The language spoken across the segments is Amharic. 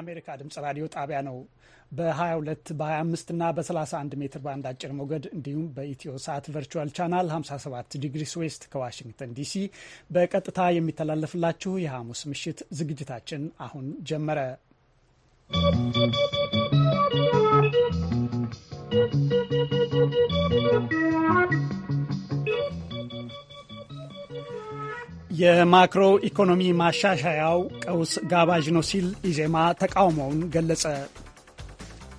የአሜሪካ ድምጽ ራዲዮ ጣቢያ ነው። በ22 በ25 እና በ31 ሜትር ባንድ አጭር ሞገድ እንዲሁም በኢትዮ ሳት ቨርቹዋል ቻናል 57 ዲግሪ ዌስት ከዋሽንግተን ዲሲ በቀጥታ የሚተላለፍላችሁ የሐሙስ ምሽት ዝግጅታችን አሁን ጀመረ። ¶¶ የማክሮ ኢኮኖሚ ማሻሻያው ቀውስ ጋባዥ ነው ሲል ኢዜማ ተቃውሞውን ገለጸ።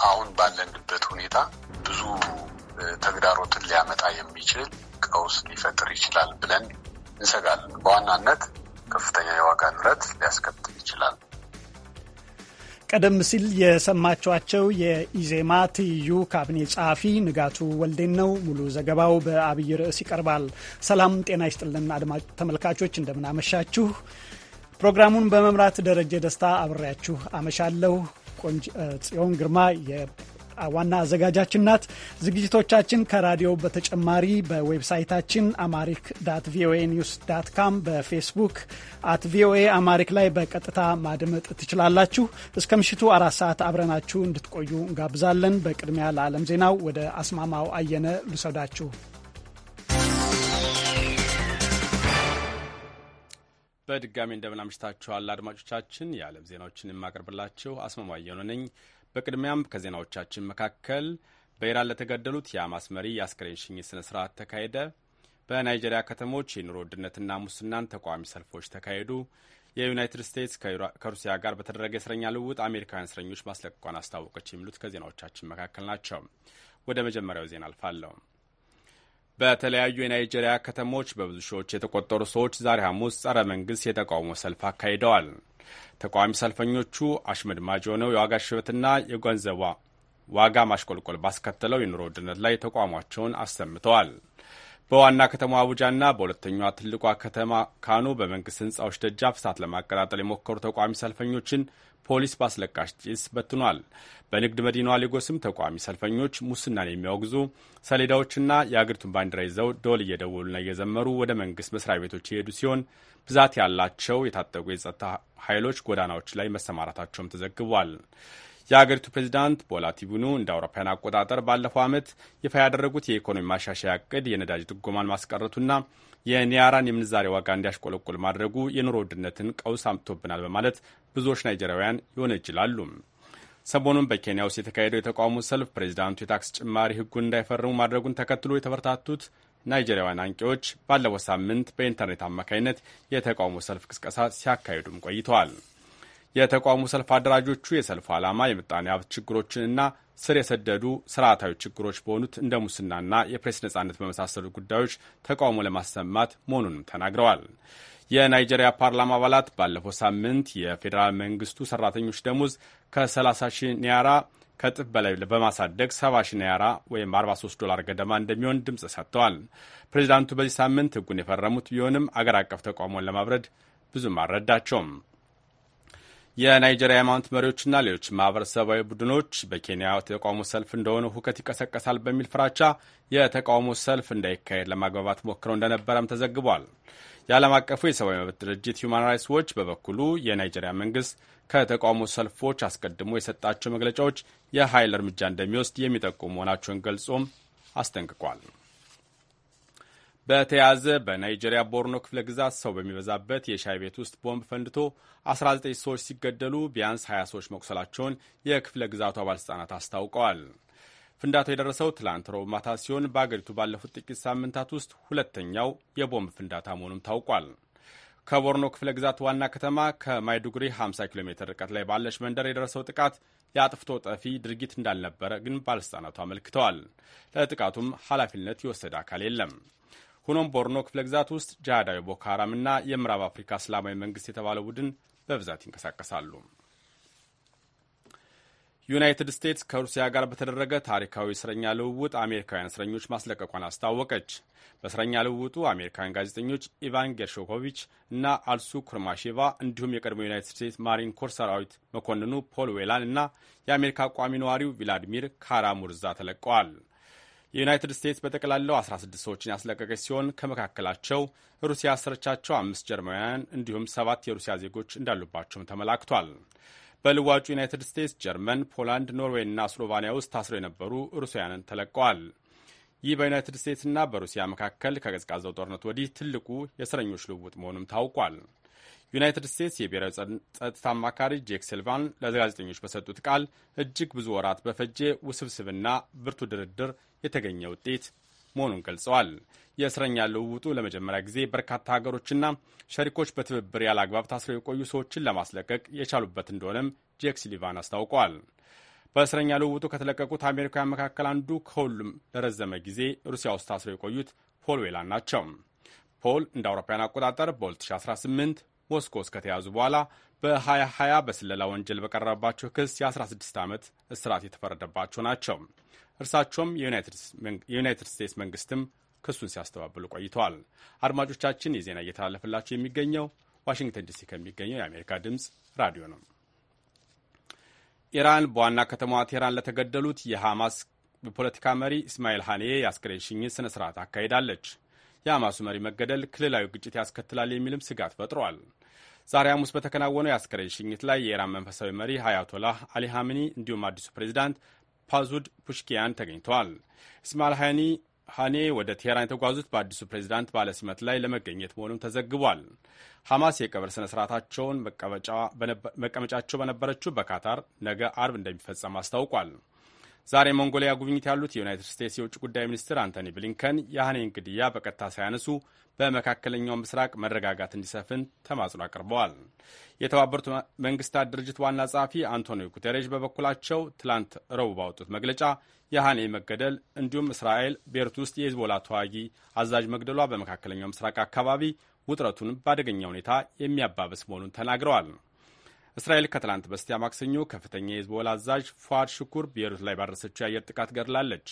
አሁን ባለንበት ሁኔታ ብዙ ተግዳሮትን ሊያመጣ የሚችል ቀውስ ሊፈጥር ይችላል ብለን እንሰጋለን። በዋናነት ከፍተኛ የዋጋ ንረት ሊያስከትል ይችላል። ቀደም ሲል የሰማችኋቸው የኢዜማ ትይዩ ካቢኔ ጸሐፊ ንጋቱ ወልዴን ነው። ሙሉ ዘገባው በአብይ ርዕስ ይቀርባል። ሰላም ጤና ይስጥልን አድማጭ ተመልካቾች፣ እንደምናመሻችሁ። ፕሮግራሙን በመምራት ደረጀ ደስታ አብሬያችሁ አመሻለሁ። ጽዮን ግርማ ዋና አዘጋጃችን ናት። ዝግጅቶቻችን ከራዲዮ በተጨማሪ በዌብሳይታችን አማሪክ ዳት ቪኦኤ ኒውስ ዳት ካም፣ በፌስቡክ አት ቪኦኤ አማሪክ ላይ በቀጥታ ማድመጥ ትችላላችሁ። እስከ ምሽቱ አራት ሰዓት አብረናችሁ እንድትቆዩ እንጋብዛለን። በቅድሚያ ለዓለም ዜናው ወደ አስማማው አየነ ልሰዳችሁ። በድጋሚ እንደምናምሽታችኋል አድማጮቻችን። የዓለም ዜናዎችን የማቀርብላችሁ አስማማየሁ ነኝ። በቅድሚያም ከዜናዎቻችን መካከል በኢራን ለተገደሉት የአማስ መሪ የአስከሬን ሽኝት ስነ ስርዓት ተካሄደ፣ በናይጄሪያ ከተሞች የኑሮ ውድነትና ሙስናን ተቃዋሚ ሰልፎች ተካሄዱ፣ የዩናይትድ ስቴትስ ከሩሲያ ጋር በተደረገ የእስረኛ ልውውጥ አሜሪካውያን እስረኞች ማስለቀቋን አስታወቀች የሚሉት ከዜናዎቻችን መካከል ናቸው። ወደ መጀመሪያው ዜና አልፋለሁ። በተለያዩ የናይጄሪያ ከተሞች በብዙ ሺዎች የተቆጠሩ ሰዎች ዛሬ ሐሙስ ጸረ መንግሥት የተቃውሞ ሰልፍ አካሂደዋል። ተቃዋሚ ሰልፈኞቹ አሽመድማጅ የሆነው የዋጋ ሽበትና የገንዘቧ ዋጋ ማሽቆልቆል ባስከተለው የኑሮ ውድነት ላይ ተቋሟቸውን አሰምተዋል። በዋና ከተማ አቡጃና በሁለተኛዋ ትልቋ ከተማ ካኑ በመንግስት ህንፃዎች ደጃፍ እሳት ለማቀጣጠል የሞከሩ ተቃዋሚ ሰልፈኞችን ፖሊስ በአስለቃሽ ጭስ በትኗል። በንግድ መዲናዋ ሌጎስም ተቃዋሚ ሰልፈኞች ሙስናን የሚያወግዙ ሰሌዳዎችና የአገሪቱን ባንዲራ ይዘው ደወል እየደወሉና እየዘመሩ ወደ መንግስት መስሪያ ቤቶች የሄዱ ሲሆን ብዛት ያላቸው የታጠቁ የጸጥታ ኃይሎች ጎዳናዎች ላይ መሰማራታቸውም ተዘግቧል። የአገሪቱ ፕሬዚዳንት ቦላ እንደ አውሮፓውያን አቆጣጠር ባለፈው ዓመት ይፋ ያደረጉት የኢኮኖሚ ማሻሻያ እቅድ የነዳጅ ድጎማን ማስቀረቱና የኒያራን የምንዛሬ ዋጋ እንዲያሽቆለቁል ማድረጉ የኑሮ ውድነትን ቀውስ አምጥቶብናል በማለት ብዙዎች ናይጀሪያውያን ይሆነ ይችላሉ። ሰሞኑን በኬንያ ውስጥ የተካሄደው የተቃውሞ ሰልፍ ፕሬዚዳንቱ የታክስ ጭማሪ ህጉን እንዳይፈርሙ ማድረጉን ተከትሎ የተበረታቱት ናይጄሪያውያን አንቂዎች ባለፈው ሳምንት በኢንተርኔት አማካኝነት የተቃውሞ ሰልፍ ቅስቀሳ ሲያካሂዱም ቆይተዋል። የተቋሙ ሰልፍ አደራጆቹ የሰልፉ ዓላማ የምጣኔ ሀብት ችግሮችንና ስር የሰደዱ ስርዓታዊ ችግሮች በሆኑት እንደ ሙስናና የፕሬስ ነጻነት በመሳሰሉ ጉዳዮች ተቃውሞ ለማሰማት መሆኑንም ተናግረዋል። የናይጄሪያ ፓርላማ አባላት ባለፈው ሳምንት የፌዴራል መንግስቱ ሰራተኞች ደሞዝ ከ30 ሺህ ኒያራ ከጥፍ በላይ በማሳደግ 70 ሺ ኒያራ ወይም 43 ዶላር ገደማ እንደሚሆን ድምፅ ሰጥተዋል። ፕሬዚዳንቱ በዚህ ሳምንት ህጉን የፈረሙት ቢሆንም አገር አቀፍ ተቃውሞን ለማብረድ ብዙም አልረዳቸውም። የናይጄሪያ ሃይማኖት መሪዎችና ሌሎች ማህበረሰባዊ ቡድኖች በኬንያ የተቃውሞ ሰልፍ እንደሆነ ሁከት ይቀሰቀሳል በሚል ፍራቻ የተቃውሞ ሰልፍ እንዳይካሄድ ለማግባባት ሞክረው እንደነበረም ተዘግቧል። የዓለም አቀፉ የሰብአዊ መብት ድርጅት ሁማን ራይትስ ዎች በበኩሉ የናይጄሪያ መንግስት ከተቃውሞ ሰልፎች አስቀድሞ የሰጣቸው መግለጫዎች የኃይል እርምጃ እንደሚወስድ የሚጠቁሙ መሆናቸውን ገልጾም አስጠንቅቋል። በተያያዘ በናይጄሪያ ቦርኖ ክፍለ ግዛት ሰው በሚበዛበት የሻይ ቤት ውስጥ ቦምብ ፈንድቶ 19 ሰዎች ሲገደሉ ቢያንስ 20 ሰዎች መቁሰላቸውን የክፍለ ግዛቷ ባለሥልጣናት አስታውቀዋል። ፍንዳታው የደረሰው ትላንት ረቡዕ ማታ ሲሆን በአገሪቱ ባለፉት ጥቂት ሳምንታት ውስጥ ሁለተኛው የቦምብ ፍንዳታ መሆኑም ታውቋል። ከቦርኖ ክፍለ ግዛት ዋና ከተማ ከማይዱጉሪ 50 ኪሎ ሜትር ርቀት ላይ ባለች መንደር የደረሰው ጥቃት የአጥፍቶ ጠፊ ድርጊት እንዳልነበረ ግን ባለሥልጣናቱ አመልክተዋል። ለጥቃቱም ኃላፊነት የወሰደ አካል የለም። ሆኖም ቦርኖ ክፍለ ግዛት ውስጥ ጃዳዊ ቦኮ ሀራም እና የምዕራብ አፍሪካ እስላማዊ መንግስት የተባለው ቡድን በብዛት ይንቀሳቀሳሉ። ዩናይትድ ስቴትስ ከሩሲያ ጋር በተደረገ ታሪካዊ እስረኛ ልውውጥ አሜሪካውያን እስረኞች ማስለቀቋን አስታወቀች። በእስረኛ ልውውጡ አሜሪካውያን ጋዜጠኞች ኢቫን ጌርሾኮቪች እና አልሱ ኩርማሼቫ እንዲሁም የቀድሞ ዩናይትድ ስቴትስ ማሪን ኮር ሰራዊት መኮንኑ ፖል ዌላን እና የአሜሪካ ቋሚ ነዋሪው ቪላዲሚር ካራሙርዛ ተለቀዋል። የዩናይትድ ስቴትስ በጠቅላላው 16 ሰዎችን ያስለቀቀች ሲሆን ከመካከላቸው ሩሲያ ያሰረቻቸው አምስት ጀርመናውያን እንዲሁም ሰባት የሩሲያ ዜጎች እንዳሉባቸውም ተመላክቷል። በልዋጩ ዩናይትድ ስቴትስ፣ ጀርመን፣ ፖላንድ፣ ኖርዌይ እና ስሎቫኒያ ውስጥ ታስረው የነበሩ ሩሲያውያንን ተለቀዋል። ይህ በዩናይትድ ስቴትስና በሩሲያ መካከል ከቀዝቃዛው ጦርነት ወዲህ ትልቁ የእስረኞች ልውውጥ መሆኑም ታውቋል። ዩናይትድ ስቴትስ የብሔራዊ ጸጥታ አማካሪ ጄክ ሲልቫን ለጋዜጠኞች በሰጡት ቃል እጅግ ብዙ ወራት በፈጀ ውስብስብና ብርቱ ድርድር የተገኘ ውጤት መሆኑን ገልጸዋል። የእስረኛ ልውውጡ ለመጀመሪያ ጊዜ በርካታ ሀገሮችና ሸሪኮች በትብብር ያለ አግባብ ታስረው የቆዩ ሰዎችን ለማስለቀቅ የቻሉበት እንደሆነም ጄክ ሲሊቫን አስታውቋል። በእስረኛ ልውውጡ ከተለቀቁት አሜሪካውያን መካከል አንዱ ከሁሉም ለረዘመ ጊዜ ሩሲያ ውስጥ ታስረው የቆዩት ፖል ዌላን ናቸው። ፖል እንደ አውሮፓውያን አቆጣጠር በ2018 ሞስኮ ውስጥ ከተያዙ በኋላ በ2020 በስለላ ወንጀል በቀረበባቸው ክስ የ16 ዓመት እስራት የተፈረደባቸው ናቸው። እርሳቸውም የዩናይትድ ስቴትስ መንግስትም ክሱን ሲያስተባብሉ ቆይተዋል። አድማጮቻችን የዜና እየተላለፈላቸው የሚገኘው ዋሽንግተን ዲሲ ከሚገኘው የአሜሪካ ድምፅ ራዲዮ ነው። ኢራን በዋና ከተማዋ ቴህራን ለተገደሉት የሐማስ የፖለቲካ መሪ እስማኤል ሐንዬ የአስክሬን ሽኝት ስነ ስርዓት አካሄዳለች። የሐማሱ መሪ መገደል ክልላዊ ግጭት ያስከትላል የሚልም ስጋት ፈጥሯል። ዛሬ ሐሙስ በተከናወነው የአስከሬን ሽኝት ላይ የኢራን መንፈሳዊ መሪ ሀያቶላህ አሊ ሀሚኒ እንዲሁም አዲሱ ፕሬዚዳንት ፓዙድ ፑሽኪያን ተገኝተዋል። እስማኤል ሃኒ ሀኔ ወደ ቴሄራን የተጓዙት በአዲሱ ፕሬዚዳንት ባለስመት ላይ ለመገኘት መሆኑም ተዘግቧል። ሐማስ የቀብር ስነ ስርዓታቸውን መቀመጫቸው በነበረችው በካታር ነገ አርብ እንደሚፈጸም አስታውቋል። ዛሬ ሞንጎሊያ ጉብኝት ያሉት የዩናይትድ ስቴትስ የውጭ ጉዳይ ሚኒስትር አንቶኒ ብሊንከን የሀኔን ግድያ በቀጥታ ሳያነሱ በመካከለኛው ምስራቅ መረጋጋት እንዲሰፍን ተማጽኖ አቅርበዋል። የተባበሩት መንግስታት ድርጅት ዋና ጸሐፊ አንቶኒዮ ጉተሬዥ በበኩላቸው ትላንት ረቡዕ ባወጡት መግለጫ የሃኔ መገደል እንዲሁም እስራኤል ቤሩት ውስጥ የሂዝቦላ ተዋጊ አዛዥ መግደሏ በመካከለኛው ምስራቅ አካባቢ ውጥረቱን በአደገኛ ሁኔታ የሚያባብስ መሆኑን ተናግረዋል። እስራኤል ከትላንት በስቲያ ማክሰኞ ከፍተኛ የህዝቦላ አዛዥ ፏድ ሽኩር ቤይሩት ላይ ባደረሰችው የአየር ጥቃት ገድላለች።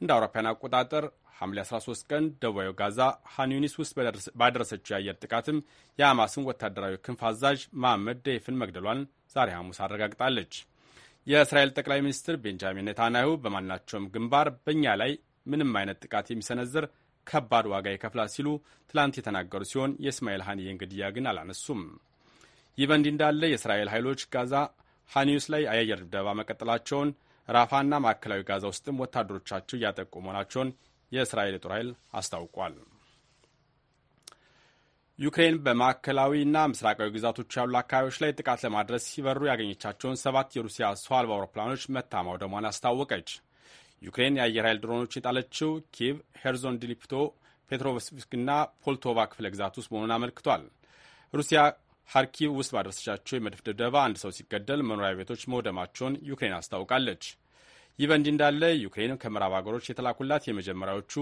እንደ አውሮፓውያን አቆጣጠር ሐምሌ 13 ቀን ደቡባዊ ጋዛ ሃን ውስጥ ባደረሰችው የአየር ጥቃትም የሐማስን ወታደራዊ ክንፍ አዛዥ መሐመድ ደይፍን መግደሏን ዛሬ ሐሙስ አረጋግጣለች። የእስራኤል ጠቅላይ ሚኒስትር ቤንጃሚን ኔታንያሁ በማናቸውም ግንባር በእኛ ላይ ምንም አይነት ጥቃት የሚሰነዝር ከባድ ዋጋ ይከፍላል ሲሉ ትላንት የተናገሩ ሲሆን የእስማኤል ሀኒዬን ግድያ ግን አላነሱም። ይህ በእንዲህ እንዳለ የእስራኤል ኃይሎች ጋዛ ሃኒዩስ ላይ የአየር ድብደባ መቀጠላቸውን፣ ራፋና ማዕከላዊ ጋዛ ውስጥም ወታደሮቻቸው እያጠቁ መሆናቸውን የእስራኤል የጦር ኃይል አስታውቋል። ዩክሬን በማዕከላዊና ምስራቃዊ ግዛቶች ያሉ አካባቢዎች ላይ ጥቃት ለማድረስ ሲበሩ ያገኘቻቸውን ሰባት የሩሲያ ሰው አልባ አውሮፕላኖች መታ ማውደሟን አስታወቀች። ዩክሬን የአየር ኃይል ድሮኖች የጣለችው ኪቭ፣ ሄርዞን ዲሊፕቶ፣ ፔትሮቭስክና ፖልቶቫ ክፍለ ግዛት ውስጥ መሆኑን አመልክቷል። ሩሲያ ሀርኪቭ ውስጥ ባደረሰቻቸው የመድፍ ድብደባ አንድ ሰው ሲገደል መኖሪያ ቤቶች መውደማቸውን ዩክሬን አስታውቃለች። ይህ በእንዲህ እንዳለ ዩክሬን ከምዕራብ አገሮች የተላኩላት የመጀመሪያዎቹ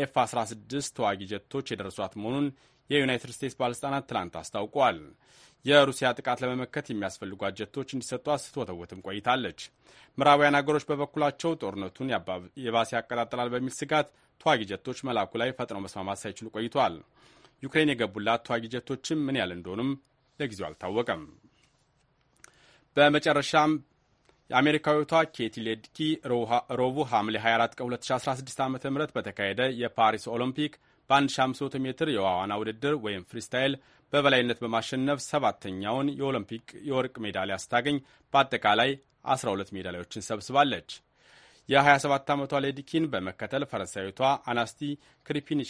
ኤፍ 16 ተዋጊ ጀቶች የደረሷት መሆኑን የዩናይትድ ስቴትስ ባለሥልጣናት ትላንት አስታውቋል። የሩሲያ ጥቃት ለመመከት የሚያስፈልጓት ጀቶች እንዲሰጧት ስትወተውትም ቆይታለች። ምዕራባውያን አገሮች በበኩላቸው ጦርነቱን የባሰ ያቀጣጠላል በሚል ስጋት ተዋጊ ጀቶች መላኩ ላይ ፈጥነው መስማማት ሳይችሉ ቆይቷል። ዩክሬን የገቡላት ተዋጊ ጀቶችም ምን ያህል እንደሆኑም ለጊዜው አልታወቀም። በመጨረሻም የአሜሪካዊቷ ኬቲ ሌድኪ ሮቡ ሐምሌ 24 ቀን 2016 ዓ ም በተካሄደ የፓሪስ ኦሎምፒክ በ1500 ሜትር የዋዋና ውድድር ወይም ፍሪስታይል በበላይነት በማሸነፍ ሰባተኛውን የኦሎምፒክ የወርቅ ሜዳሊያ ስታገኝ በአጠቃላይ 12 ሜዳሊያዎችን ሰብስባለች። የ27 ዓመቷ ሌድኪን በመከተል ፈረንሳዊቷ አናስቲ ክሪፒኒች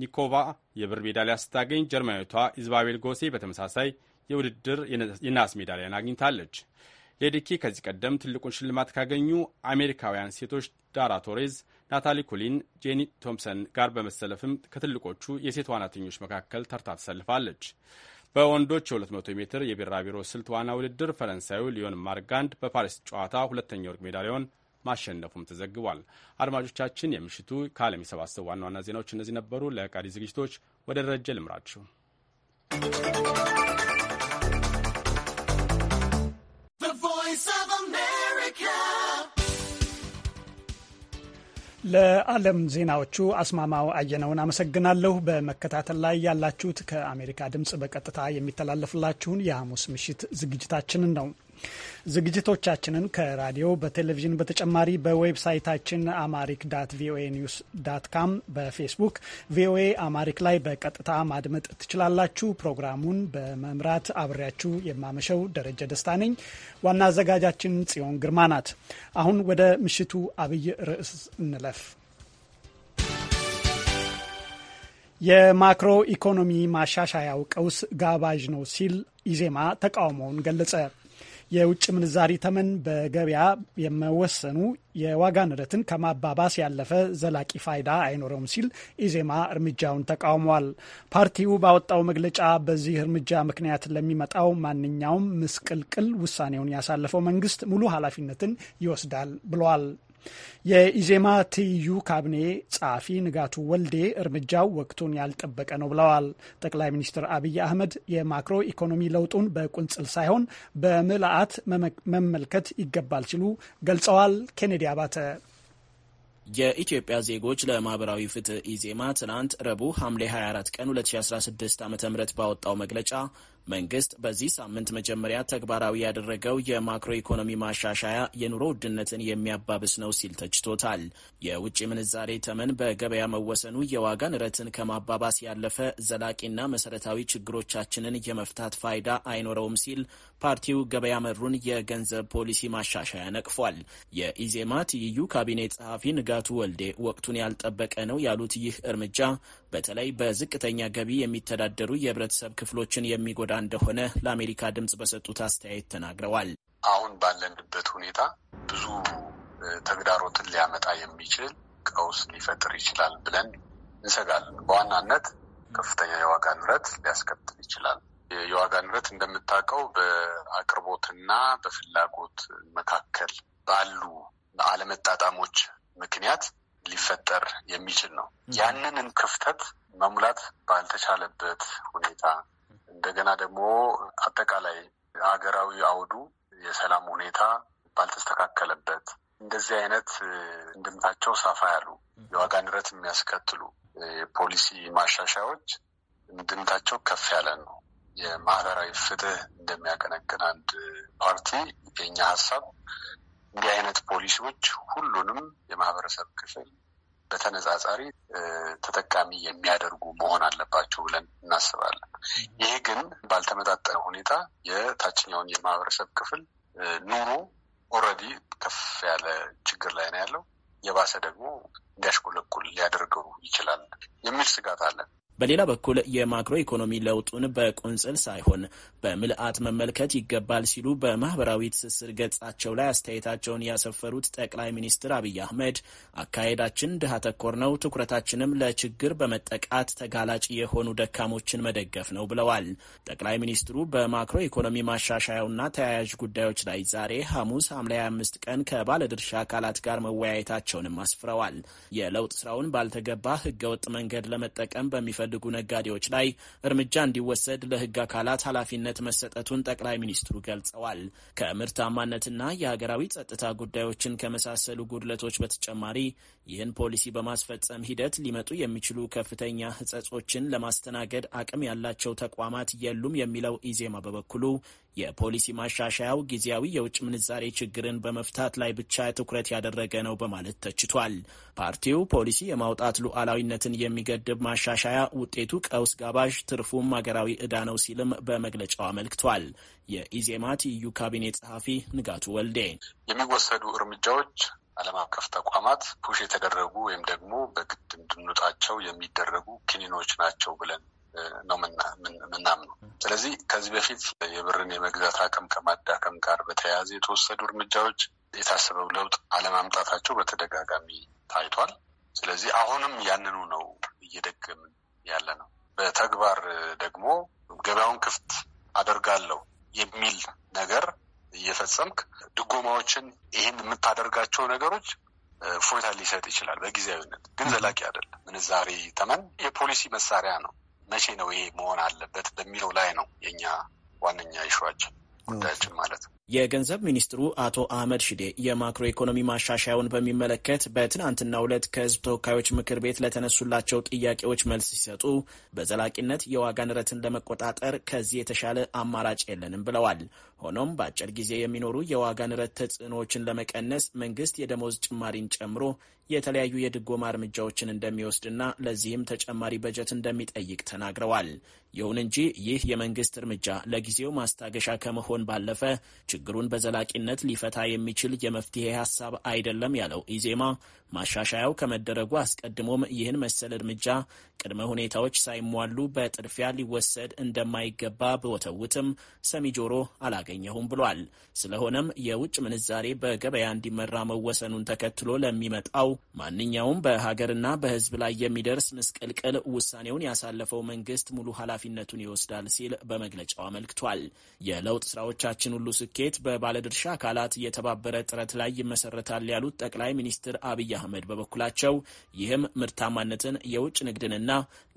ኒኮቫ የብር ሜዳሊያ ስታገኝ ጀርማዊቷ ኢዝባቤል ጎሴ በተመሳሳይ የውድድር የናስ ሜዳሊያን አግኝታለች። ሌዲኪ ከዚህ ቀደም ትልቁን ሽልማት ካገኙ አሜሪካውያን ሴቶች ዳራ ቶሬዝ፣ ናታሊ ኩሊን፣ ጄኒ ቶምሰን ጋር በመሰለፍም ከትልቆቹ የሴት ዋናተኞች መካከል ተርታ ተሰልፋለች። በወንዶች የ200 ሜትር የቢራቢሮ ስልት ዋና ውድድር ፈረንሳዩ ሊዮን ማርጋንድ በፓሪስ ጨዋታ ሁለተኛ ወርቅ ሜዳሊያውን ማሸነፉም ተዘግቧል። አድማጮቻችን፣ የምሽቱ ከዓለም የሰባሰቡ ዋና ዋና ዜናዎች እነዚህ ነበሩ። ለቀሪ ዝግጅቶች ወደ ደረጀ ልምራችሁ። ለዓለም ዜናዎቹ አስማማው አየነውን አመሰግናለሁ። በመከታተል ላይ ያላችሁት ከአሜሪካ ድምፅ በቀጥታ የሚተላለፍላችሁን የሐሙስ ምሽት ዝግጅታችንን ነው። ዝግጅቶቻችንን ከራዲዮ በቴሌቪዥን በተጨማሪ በዌብሳይታችን አማሪክ ዳት ቪኦኤ ኒውስ ዳት ካም በፌስቡክ ቪኦኤ አማሪክ ላይ በቀጥታ ማድመጥ ትችላላችሁ። ፕሮግራሙን በመምራት አብሬያችሁ የማመሸው ደረጀ ደስታ ነኝ። ዋና አዘጋጃችን ጽዮን ግርማ ናት። አሁን ወደ ምሽቱ አብይ ርዕስ እንለፍ። የማክሮ ኢኮኖሚ ማሻሻያው ቀውስ ጋባዥ ነው ሲል ኢዜማ ተቃውሞውን ገለጸ። የውጭ ምንዛሪ ተመን በገበያ የመወሰኑ የዋጋ ንረትን ከማባባስ ያለፈ ዘላቂ ፋይዳ አይኖረውም ሲል ኢዜማ እርምጃውን ተቃውሟል። ፓርቲው ባወጣው መግለጫ በዚህ እርምጃ ምክንያት ለሚመጣው ማንኛውም ምስቅልቅል ውሳኔውን ያሳለፈው መንግስት ሙሉ ኃላፊነትን ይወስዳል ብሏል። የኢዜማ ትይዩ ካቢኔ ጸሐፊ ንጋቱ ወልዴ እርምጃው ወቅቱን ያልጠበቀ ነው ብለዋል። ጠቅላይ ሚኒስትር አብይ አህመድ የማክሮ ኢኮኖሚ ለውጡን በቁንጽል ሳይሆን በምልአት መመልከት ይገባል ሲሉ ገልጸዋል። ኬኔዲ አባተ የኢትዮጵያ ዜጎች ለማህበራዊ ፍትህ ኢዜማ ትናንት ረቡዕ ሐምሌ 24 ቀን 2016 ዓ ም ባወጣው መግለጫ መንግስት በዚህ ሳምንት መጀመሪያ ተግባራዊ ያደረገው የማክሮ ኢኮኖሚ ማሻሻያ የኑሮ ውድነትን የሚያባብስ ነው ሲል ተችቶታል። የውጭ ምንዛሬ ተመን በገበያ መወሰኑ የዋጋ ንረትን ከማባባስ ያለፈ ዘላቂና መሰረታዊ ችግሮቻችንን የመፍታት ፋይዳ አይኖረውም ሲል ፓርቲው ገበያ መሩን የገንዘብ ፖሊሲ ማሻሻያ ነቅፏል። የኢዜማ ትይዩ ካቢኔ ጸሐፊ ንጋቱ ወልዴ ወቅቱን ያልጠበቀ ነው ያሉት ይህ እርምጃ በተለይ በዝቅተኛ ገቢ የሚተዳደሩ የህብረተሰብ ክፍሎችን የሚጎዳ እንደሆነ ለአሜሪካ ድምፅ በሰጡት አስተያየት ተናግረዋል። አሁን ባለንበት ሁኔታ ብዙ ተግዳሮትን ሊያመጣ የሚችል ቀውስ ሊፈጥር ይችላል ብለን እንሰጋለን። በዋናነት ከፍተኛ የዋጋ ንረት ሊያስከትል ይችላል። የዋጋ ንረት እንደምታውቀው በአቅርቦትና በፍላጎት መካከል ባሉ አለመጣጣሞች ምክንያት ሊፈጠር የሚችል ነው። ያንንን ክፍተት መሙላት ባልተቻለበት ሁኔታ እንደገና ደግሞ አጠቃላይ ሀገራዊ አውዱ የሰላም ሁኔታ ባልተስተካከለበት እንደዚህ አይነት እንድምታቸው ሰፋ ያሉ የዋጋ ንረት የሚያስከትሉ የፖሊሲ ማሻሻያዎች እንድምታቸው ከፍ ያለ ነው። የማህበራዊ ፍትህ እንደሚያቀነቅን አንድ ፓርቲ የኛ ሀሳብ እንዲህ አይነት ፖሊሲዎች ሁሉንም የማህበረሰብ ክፍል በተነጻጻሪ ተጠቃሚ የሚያደርጉ መሆን አለባቸው ብለን እናስባለን። ይህ ግን ባልተመጣጠነ ሁኔታ የታችኛውን የማህበረሰብ ክፍል ኑሮ ኦልሬዲ ከፍ ያለ ችግር ላይ ነው ያለው፣ የባሰ ደግሞ እንዲያሽቆለቁል ሊያደርገው ይችላል የሚል ስጋት አለን። በሌላ በኩል የማክሮ ኢኮኖሚ ለውጡን በቁንጽል ሳይሆን በምልአት መመልከት ይገባል ሲሉ በማህበራዊ ትስስር ገጻቸው ላይ አስተያየታቸውን ያሰፈሩት ጠቅላይ ሚኒስትር አብይ አህመድ አካሄዳችን ድሃ ተኮር ነው፣ ትኩረታችንም ለችግር በመጠቃት ተጋላጭ የሆኑ ደካሞችን መደገፍ ነው ብለዋል። ጠቅላይ ሚኒስትሩ በማክሮ ኢኮኖሚ ማሻሻያውና ተያያዥ ጉዳዮች ላይ ዛሬ ሐሙስ ሐምሌ 25 ቀን ከባለድርሻ አካላት ጋር መወያየታቸውንም አስፍረዋል። የለውጥ ስራውን ባልተገባ ህገወጥ መንገድ ለመጠቀም በሚፈ በሚፈልጉ ነጋዴዎች ላይ እርምጃ እንዲወሰድ ለሕግ አካላት ኃላፊነት መሰጠቱን ጠቅላይ ሚኒስትሩ ገልጸዋል። ከምርታማነትና የሀገራዊ ጸጥታ ጉዳዮችን ከመሳሰሉ ጉድለቶች በተጨማሪ ይህን ፖሊሲ በማስፈጸም ሂደት ሊመጡ የሚችሉ ከፍተኛ ሕጸጾችን ለማስተናገድ አቅም ያላቸው ተቋማት የሉም የሚለው ኢዜማ በበኩሉ የፖሊሲ ማሻሻያው ጊዜያዊ የውጭ ምንዛሬ ችግርን በመፍታት ላይ ብቻ ትኩረት ያደረገ ነው በማለት ተችቷል። ፓርቲው ፖሊሲ የማውጣት ሉዓላዊነትን የሚገድብ ማሻሻያ ውጤቱ ቀውስ ጋባዥ፣ ትርፉም ሀገራዊ ዕዳ ነው ሲልም በመግለጫው አመልክቷል። የኢዜማ ትይዩ ካቢኔት ጸሐፊ ንጋቱ ወልዴ የሚወሰዱ እርምጃዎች ዓለም አቀፍ ተቋማት ፑሽ የተደረጉ ወይም ደግሞ በግድ እንድንወጣቸው የሚደረጉ ክኒኖች ናቸው ብለን ነው ምናምነው። ስለዚህ ከዚህ በፊት የብርን የመግዛት አቅም ከማዳከም ጋር በተያያዘ የተወሰዱ እርምጃዎች የታሰበው ለውጥ አለማምጣታቸው በተደጋጋሚ ታይቷል። ስለዚህ አሁንም ያንኑ ነው እየደገምን ያለ ነው። በተግባር ደግሞ ገበያውን ክፍት አደርጋለሁ የሚል ነገር እየፈጸምክ ድጎማዎችን፣ ይህን የምታደርጋቸው ነገሮች እፎይታ ሊሰጥ ይችላል። በጊዜያዊነት ግን ዘላቂ አይደለም። ምንዛሬ ተመን የፖሊሲ መሳሪያ ነው። መቼ ነው ይሄ መሆን አለበት በሚለው ላይ ነው የኛ ዋነኛ ይሸዋችን ጉዳያችን ማለት ነው። የገንዘብ ሚኒስትሩ አቶ አህመድ ሽዴ የማክሮ ኢኮኖሚ ማሻሻያውን በሚመለከት በትናንትናው ዕለት ከህዝብ ተወካዮች ምክር ቤት ለተነሱላቸው ጥያቄዎች መልስ ሲሰጡ በዘላቂነት የዋጋ ንረትን ለመቆጣጠር ከዚህ የተሻለ አማራጭ የለንም ብለዋል። ሆኖም በአጭር ጊዜ የሚኖሩ የዋጋ ንረት ተጽዕኖዎችን ለመቀነስ መንግስት የደሞዝ ጭማሪን ጨምሮ የተለያዩ የድጎማ እርምጃዎችን እንደሚወስድና ለዚህም ተጨማሪ በጀት እንደሚጠይቅ ተናግረዋል። ይሁን እንጂ ይህ የመንግስት እርምጃ ለጊዜው ማስታገሻ ከመሆን ባለፈ ችግሩን በዘላቂነት ሊፈታ የሚችል የመፍትሄ ሀሳብ አይደለም ያለው ኢዜማ ማሻሻያው ከመደረጉ አስቀድሞም ይህን መሰል እርምጃ ቅድመ ሁኔታዎች ሳይሟሉ በጥድፊያ ሊወሰድ እንደማይገባ በወተውትም ሰሚ ጆሮ አላገኘሁም ብሏል። ስለሆነም የውጭ ምንዛሬ በገበያ እንዲመራ መወሰኑን ተከትሎ ለሚመጣው ማንኛውም በሀገርና በሕዝብ ላይ የሚደርስ ምስቅልቅል ውሳኔውን ያሳለፈው መንግስት ሙሉ ኃላፊነቱን ይወስዳል ሲል በመግለጫው አመልክቷል። የለውጥ ስራዎቻችን ሁሉ ስኬ ስኬት በባለድርሻ አካላት የተባበረ ጥረት ላይ ይመሰረታል ያሉት ጠቅላይ ሚኒስትር አብይ አህመድ በበኩላቸው ይህም ምርታማነትን፣ የውጭ ንግድንና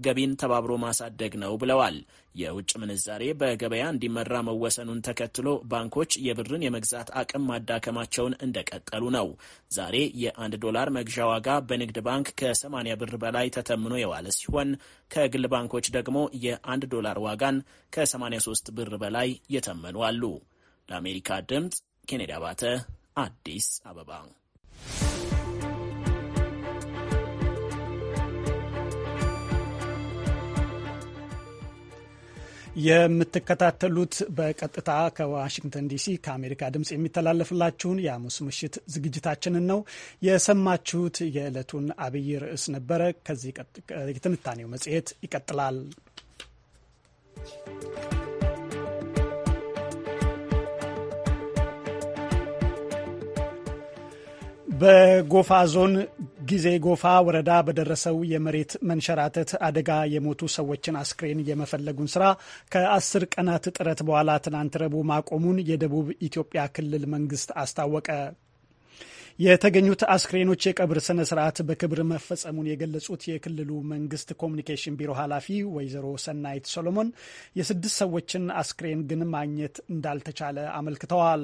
ገቢን ተባብሮ ማሳደግ ነው ብለዋል። የውጭ ምንዛሬ በገበያ እንዲመራ መወሰኑን ተከትሎ ባንኮች የብርን የመግዛት አቅም ማዳከማቸውን እንደቀጠሉ ነው። ዛሬ የአንድ ዶላር መግዣ ዋጋ በንግድ ባንክ ከ80 ብር በላይ ተተምኖ የዋለ ሲሆን ከግል ባንኮች ደግሞ የአንድ ዶላር ዋጋን ከ83 ብር በላይ የተመኑ አሉ። ለአሜሪካ ድምፅ ኬኔዲ አባተ አዲስ አበባ። የምትከታተሉት በቀጥታ ከዋሽንግተን ዲሲ ከአሜሪካ ድምፅ የሚተላለፍላችሁን የሐሙስ ምሽት ዝግጅታችንን ነው የሰማችሁት። የዕለቱን አብይ ርዕስ ነበረ። ከዚህ የትንታኔው መጽሔት ይቀጥላል። በጎፋ ዞን ጊዜ ጎፋ ወረዳ በደረሰው የመሬት መንሸራተት አደጋ የሞቱ ሰዎችን አስክሬን የመፈለጉን ስራ ከአስር ቀናት ጥረት በኋላ ትናንት ረቡዕ ማቆሙን የደቡብ ኢትዮጵያ ክልል መንግስት አስታወቀ። የተገኙት አስክሬኖች የቀብር ስነ ስርዓት በክብር መፈጸሙን የገለጹት የክልሉ መንግስት ኮሚኒኬሽን ቢሮ ኃላፊ ወይዘሮ ሰናይት ሶሎሞን የስድስት ሰዎችን አስክሬን ግን ማግኘት እንዳልተቻለ አመልክተዋል።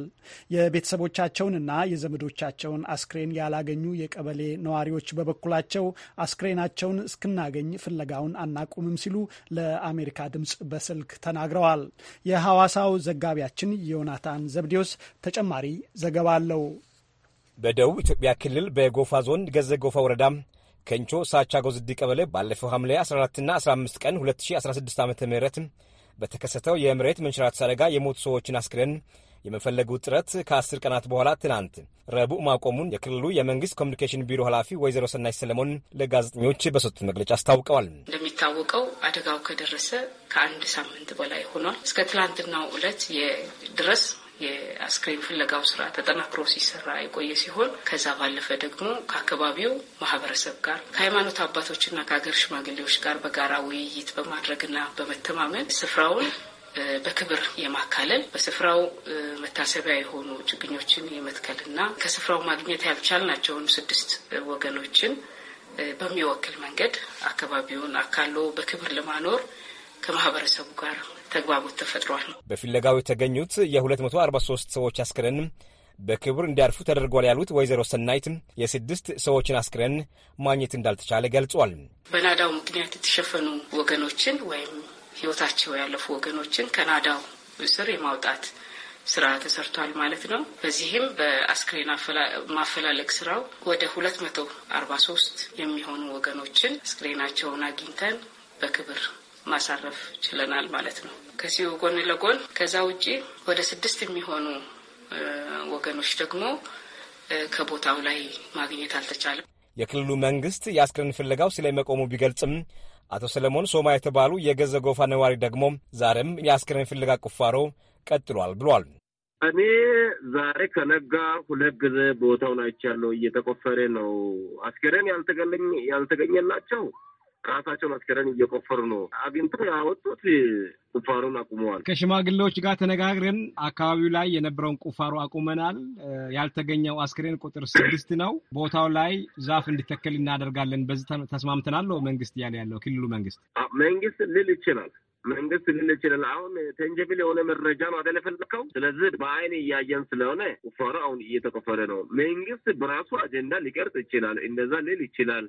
የቤተሰቦቻቸውንና የዘመዶቻቸውን አስክሬን ያላገኙ የቀበሌ ነዋሪዎች በበኩላቸው አስክሬናቸውን እስክናገኝ ፍለጋውን አናቁምም ሲሉ ለአሜሪካ ድምፅ በስልክ ተናግረዋል። የሐዋሳው ዘጋቢያችን ዮናታን ዘብዴዎስ ተጨማሪ ዘገባ አለው። በደቡብ ኢትዮጵያ ክልል በጎፋ ዞን ገዘ ጎፋ ወረዳ ከንቾ ሳቻ ጎዝዲ ቀበሌ ባለፈው ሐምሌ 14ና 15 ቀን 2016 ዓ ም በተከሰተው የመሬት መንሸራተት አደጋ የሞቱ ሰዎችን አስክሬን የመፈለጉ ጥረት ከአስር ቀናት በኋላ ትናንት ረቡዕ ማቆሙን የክልሉ የመንግስት ኮሚኒኬሽን ቢሮ ኃላፊ ወይዘሮ ሰናይ ሰለሞን ለጋዜጠኞች በሰጡት መግለጫ አስታውቀዋል። እንደሚታወቀው አደጋው ከደረሰ ከአንድ ሳምንት በላይ ሆኗል። እስከ ትላንትናው ዕለት ድረስ የአስክሬን ፍለጋው ስራ ተጠናክሮ ሲሰራ የቆየ ሲሆን ከዛ ባለፈ ደግሞ ከአካባቢው ማህበረሰብ ጋር ከሃይማኖት አባቶችና ከሀገር ሽማግሌዎች ጋር በጋራ ውይይት በማድረግና በመተማመን ስፍራውን በክብር የማካለል በስፍራው መታሰቢያ የሆኑ ችግኞችን የመትከልና ከስፍራው ማግኘት ያልቻልናቸውን ስድስት ወገኖችን በሚወክል መንገድ አካባቢውን አካሎ በክብር ለማኖር ከማህበረሰቡ ጋር ተግባቦት ተፈጥሯል። በፍለጋው የተገኙት የ243 ሰዎች አስክሬን በክብር እንዲያርፉ ተደርጓል ያሉት ወይዘሮ ሰናይት የስድስት ሰዎችን አስክሬን ማግኘት እንዳልተቻለ ገልጿል። በናዳው ምክንያት የተሸፈኑ ወገኖችን ወይም ህይወታቸው ያለፉ ወገኖችን ከናዳው ስር የማውጣት ስራ ተሰርቷል ማለት ነው። በዚህም በአስክሬን ማፈላለግ ስራው ወደ ሁለት መቶ አርባ ሶስት የሚሆኑ ወገኖችን አስክሬናቸውን አግኝተን በክብር ማሳረፍ ችለናል ማለት ነው። ከዚሁ ጎን ለጎን ከዛ ውጪ ወደ ስድስት የሚሆኑ ወገኖች ደግሞ ከቦታው ላይ ማግኘት አልተቻለም። የክልሉ መንግስት የአስክሬን ፍለጋው ስለመቆሙ ቢገልጽም አቶ ሰለሞን ሶማ የተባሉ የገዘ ጎፋ ነዋሪ ደግሞ ዛሬም የአስክሬን ፍለጋ ቁፋሮ ቀጥሏል ብሏል። እኔ ዛሬ ከነጋ ሁለት ጊዜ ቦታውን አይቻለሁ። እየተቆፈረ ነው። አስክሬን ያልተገኘላቸው ራሳቸውን አስከሬን እየቆፈሩ ነው አግኝተው ያወጡት። ቁፋሩን አቁመዋል። ከሽማግሌዎች ጋር ተነጋግረን አካባቢው ላይ የነበረውን ቁፋሮ አቁመናል። ያልተገኘው አስክሬን ቁጥር ስድስት ነው። ቦታው ላይ ዛፍ እንዲተከል እናደርጋለን። በዚህ ተስማምተናል። መንግስት እያለ ያለው ክልሉ መንግስት መንግስት ልል ይችላል መንግስት ልን ይችላል። አሁን ተንጀብል የሆነ መረጃ ነው አደለ የፈለከው። ስለዚህ በአይን እያየን ስለሆነ ቁፋሮ አሁን እየተቆፈረ ነው። መንግስት በራሱ አጀንዳ ሊቀርጽ ይችላል። እንደዛ ልል ይችላል።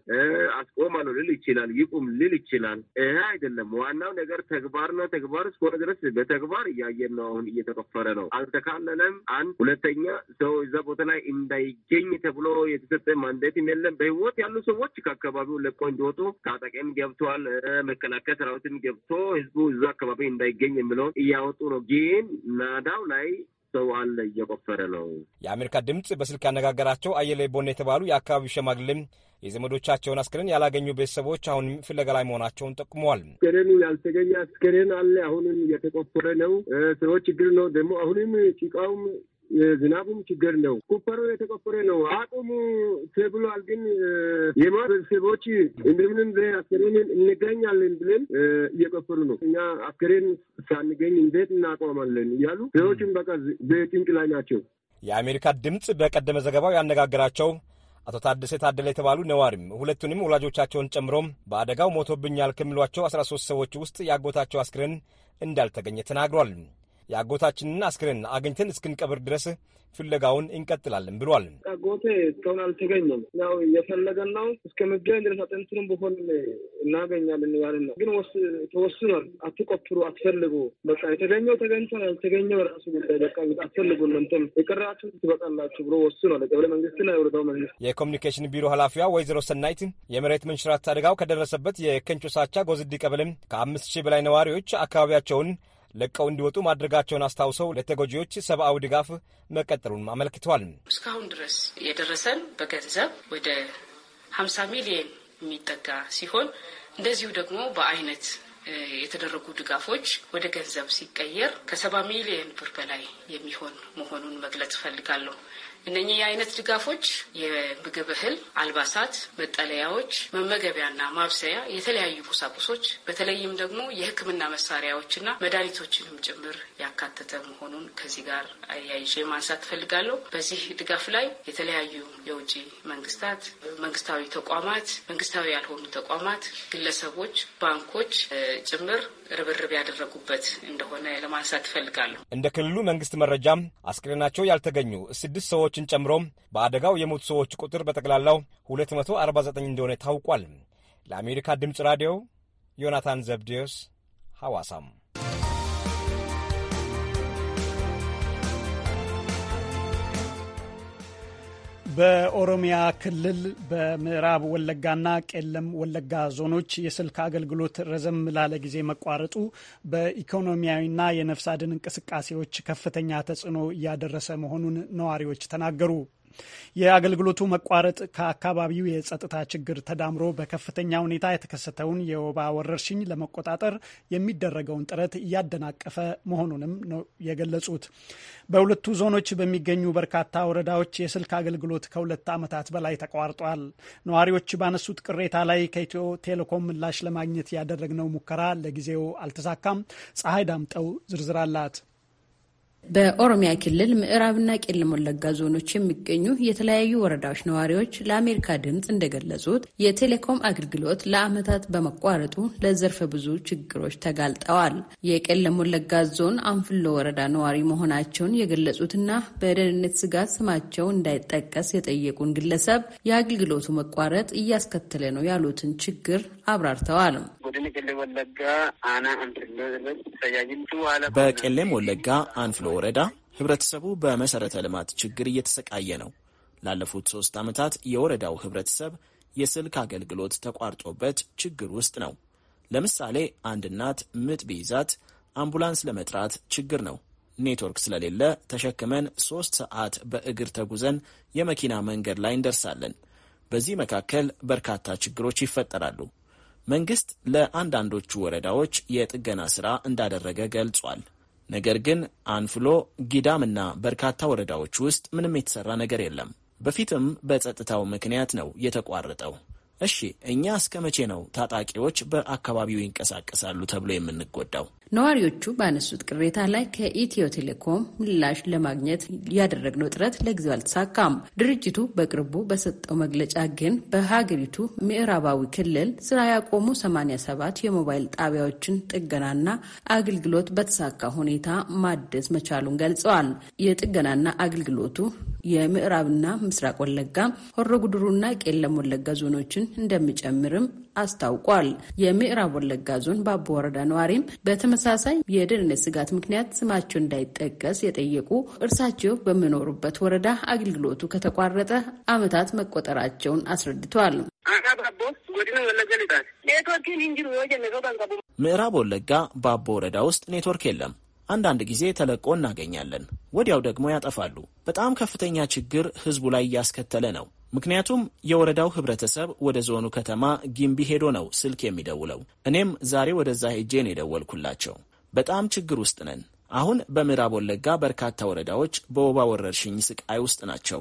አስቆማለሁ ልል ይችላል። ይቁም ልል ይችላል። ይሄ አይደለም ዋናው ነገር ተግባርና ተግባር እስከሆነ ድረስ በተግባር እያየን ነው። አሁን እየተቆፈረ ነው። አልተካለለም። አንድ ሁለተኛ ሰው እዛ ቦታ ላይ እንዳይገኝ ተብሎ የተሰጠ ማንዴትም የለም። በህይወት ያሉ ሰዎች ከአካባቢው ለቆ እንዲወጡ ታጠቅም ገብቷል። መከላከያ ሰራዊትም ገብቶ ህዝቡ እዛ አካባቢ እንዳይገኝ የሚለውን እያወጡ ነው። ግን ናዳው ላይ ሰው አለ እየቆፈረ ነው። የአሜሪካ ድምፅ በስልክ ያነጋገራቸው አየለ ቦነ የተባሉ የአካባቢው ሸማግሌም የዘመዶቻቸውን አስክሬን ያላገኙ ቤተሰቦች አሁንም ፍለጋ ላይ መሆናቸውን ጠቁመዋል። አስክሬኑ ያልተገኘ አስክሬን አለ፣ አሁንም እየተቆፈረ ነው። ሰዎች ችግር ነው ደግሞ አሁንም ጭቃውም የዝናቡም ችግር ነው። ኩፐሩ የተቆፈረ ነው። አቁሙ ተብሏል። ግን የማህበረሰቦች እንደምንም አስከሬን እንገኛለን ብለን እየቆፈሩ ነው። እኛ አስከሬን ሳንገኝ እንዴት እናቋማለን እያሉ ሰዎችም በቃ በጭንቅ ላይ ናቸው። የአሜሪካ ድምፅ በቀደመ ዘገባው ያነጋገራቸው አቶ ታደሰ ታደለ የተባሉ ነዋሪም ሁለቱንም ወላጆቻቸውን ጨምሮም በአደጋው ሞቶብኛል ከሚሏቸው ሶስት ሰዎች ውስጥ ያጎታቸው አስክሬን እንዳልተገኘ ተናግሯል። የአጎታችንን አስክሬን አግኝተን እስክንቀብር ድረስ ፍለጋውን እንቀጥላለን ብሏል። አጎቴ እስካሁን አልተገኘም። ያው እየፈለገን ነው። እስከ መገኝ ድረስ አጥንቱንም በሆን እናገኛለን ያልን ነው። ግን ተወስኗል። አትቆፍሩ፣ አትፈልጉ። በቃ የተገኘው ተገኝቷል፣ አልተገኘው ራሱ ጉዳይ። በቃ አትፈልጉ፣ እናንተም የቀራችሁ ትበቃላችሁ ብሎ ወስኗል። የቀበሌ መንግስትና የወረዳው መንግስት። የኮሚኒኬሽን ቢሮ ኃላፊዋ ወይዘሮ ሰናይት የመሬት መንሸራተት አደጋው ከደረሰበት የከንጮ ሳቻ ጎዝዲ ቀበሌም ከአምስት ሺህ በላይ ነዋሪዎች አካባቢያቸውን ለቀው እንዲወጡ ማድረጋቸውን አስታውሰው ለተጎጂዎች ሰብአዊ ድጋፍ መቀጠሉን አመልክተዋል። እስካሁን ድረስ የደረሰን በገንዘብ ወደ ሀምሳ ሚሊየን የሚጠጋ ሲሆን እንደዚሁ ደግሞ በአይነት የተደረጉ ድጋፎች ወደ ገንዘብ ሲቀየር ከሰባ ሚሊየን ብር በላይ የሚሆን መሆኑን መግለጽ እፈልጋለሁ። እነኚህ የአይነት ድጋፎች የምግብ እህል፣ አልባሳት፣ መጠለያዎች፣ መመገቢያና ማብሰያ፣ የተለያዩ ቁሳቁሶች በተለይም ደግሞ የሕክምና መሳሪያዎችና መድኃኒቶችንም ጭምር ያካተተ መሆኑን ከዚህ ጋር አያይዤ ማንሳት ፈልጋለሁ። በዚህ ድጋፍ ላይ የተለያዩ የውጭ መንግስታት፣ መንግስታዊ ተቋማት፣ መንግስታዊ ያልሆኑ ተቋማት፣ ግለሰቦች፣ ባንኮች ጭምር ርብርብ ያደረጉበት እንደሆነ ለማንሳት ፈልጋለሁ። እንደ ክልሉ መንግስት መረጃም አስክሬናቸው ያልተገኙ ስድስት ሰዎች ሰዎችን ጨምሮ በአደጋው የሞቱ ሰዎች ቁጥር በጠቅላላው 249 እንደሆነ ታውቋል። ለአሜሪካ ድምፅ ራዲዮ ዮናታን ዘብዴዎስ ሐዋሳም በኦሮሚያ ክልል በምዕራብ ወለጋና ቄለም ወለጋ ዞኖች የስልክ አገልግሎት ረዘም ላለ ጊዜ መቋረጡ በኢኮኖሚያዊና የነፍስ አድን እንቅስቃሴዎች ከፍተኛ ተጽዕኖ እያደረሰ መሆኑን ነዋሪዎች ተናገሩ። የአገልግሎቱ መቋረጥ ከአካባቢው የጸጥታ ችግር ተዳምሮ በከፍተኛ ሁኔታ የተከሰተውን የወባ ወረርሽኝ ለመቆጣጠር የሚደረገውን ጥረት እያደናቀፈ መሆኑንም ነው የገለጹት። በሁለቱ ዞኖች በሚገኙ በርካታ ወረዳዎች የስልክ አገልግሎት ከሁለት ዓመታት በላይ ተቋርጧል። ነዋሪዎች ባነሱት ቅሬታ ላይ ከኢትዮ ቴሌኮም ምላሽ ለማግኘት ያደረግነው ሙከራ ለጊዜው አልተሳካም። ፀሐይ ዳምጠው ዝርዝር አላት። በኦሮሚያ ክልል ምዕራብና ቄለም ወለጋ ዞኖች የሚገኙ የተለያዩ ወረዳዎች ነዋሪዎች ለአሜሪካ ድምፅ እንደገለጹት የቴሌኮም አገልግሎት ለዓመታት በመቋረጡ ለዘርፈ ብዙ ችግሮች ተጋልጠዋል። የቄለም ወለጋ ዞን አንፍሎ ወረዳ ነዋሪ መሆናቸውን የገለጹትና በደህንነት ስጋት ስማቸው እንዳይጠቀስ የጠየቁን ግለሰብ የአገልግሎቱ መቋረጥ እያስከተለ ነው ያሉትን ችግር አብራርተዋል። በቄለም ወለጋ አንፍሎ ወረዳ ህብረተሰቡ በመሰረተ ልማት ችግር እየተሰቃየ ነው። ላለፉት ሶስት ዓመታት የወረዳው ህብረተሰብ የስልክ አገልግሎት ተቋርጦበት ችግር ውስጥ ነው። ለምሳሌ አንድ እናት ምጥ ቢይዛት አምቡላንስ ለመጥራት ችግር ነው። ኔትወርክ ስለሌለ ተሸክመን ሶስት ሰዓት በእግር ተጉዘን የመኪና መንገድ ላይ እንደርሳለን። በዚህ መካከል በርካታ ችግሮች ይፈጠራሉ። መንግስት ለአንዳንዶቹ ወረዳዎች የጥገና ሥራ እንዳደረገ ገልጿል። ነገር ግን አንፍሎ ጊዳምና በርካታ ወረዳዎች ውስጥ ምንም የተሰራ ነገር የለም። በፊትም በጸጥታው ምክንያት ነው የተቋረጠው። እሺ እኛ እስከ መቼ ነው ታጣቂዎች በአካባቢው ይንቀሳቀሳሉ ተብሎ የምንጎዳው? ነዋሪዎቹ ባነሱት ቅሬታ ላይ ከኢትዮ ቴሌኮም ምላሽ ለማግኘት ያደረግነው ጥረት ለጊዜው አልተሳካም። ድርጅቱ በቅርቡ በሰጠው መግለጫ ግን በሀገሪቱ ምዕራባዊ ክልል ስራ ያቆሙ 87 የሞባይል ጣቢያዎችን ጥገናና አገልግሎት በተሳካ ሁኔታ ማደስ መቻሉን ገልጸዋል። የጥገናና አገልግሎቱ የምዕራብና ምስራቅ ወለጋ፣ ሆሮ ጉድሩና ቄለም ወለጋ ዞኖችን እንደሚጨምርም አስታውቋል። የምዕራብ ወለጋ ዞን በአቦ ወረዳ ነዋሪም በተመሳሳይ የደህንነት ስጋት ምክንያት ስማቸው እንዳይጠቀስ የጠየቁ እርሳቸው በሚኖሩበት ወረዳ አገልግሎቱ ከተቋረጠ ዓመታት መቆጠራቸውን አስረድተዋል። ምዕራብ ወለጋ በአቦ ወረዳ ውስጥ ኔትወርክ የለም። አንዳንድ ጊዜ ተለቆ እናገኛለን። ወዲያው ደግሞ ያጠፋሉ። በጣም ከፍተኛ ችግር ህዝቡ ላይ እያስከተለ ነው። ምክንያቱም የወረዳው ህብረተሰብ ወደ ዞኑ ከተማ ጊምቢ ሄዶ ነው ስልክ የሚደውለው። እኔም ዛሬ ወደዛ ሄጄን የደወልኩላቸው። በጣም ችግር ውስጥ ነን። አሁን በምዕራብ ወለጋ በርካታ ወረዳዎች በወባ ወረርሽኝ ስቃይ ውስጥ ናቸው።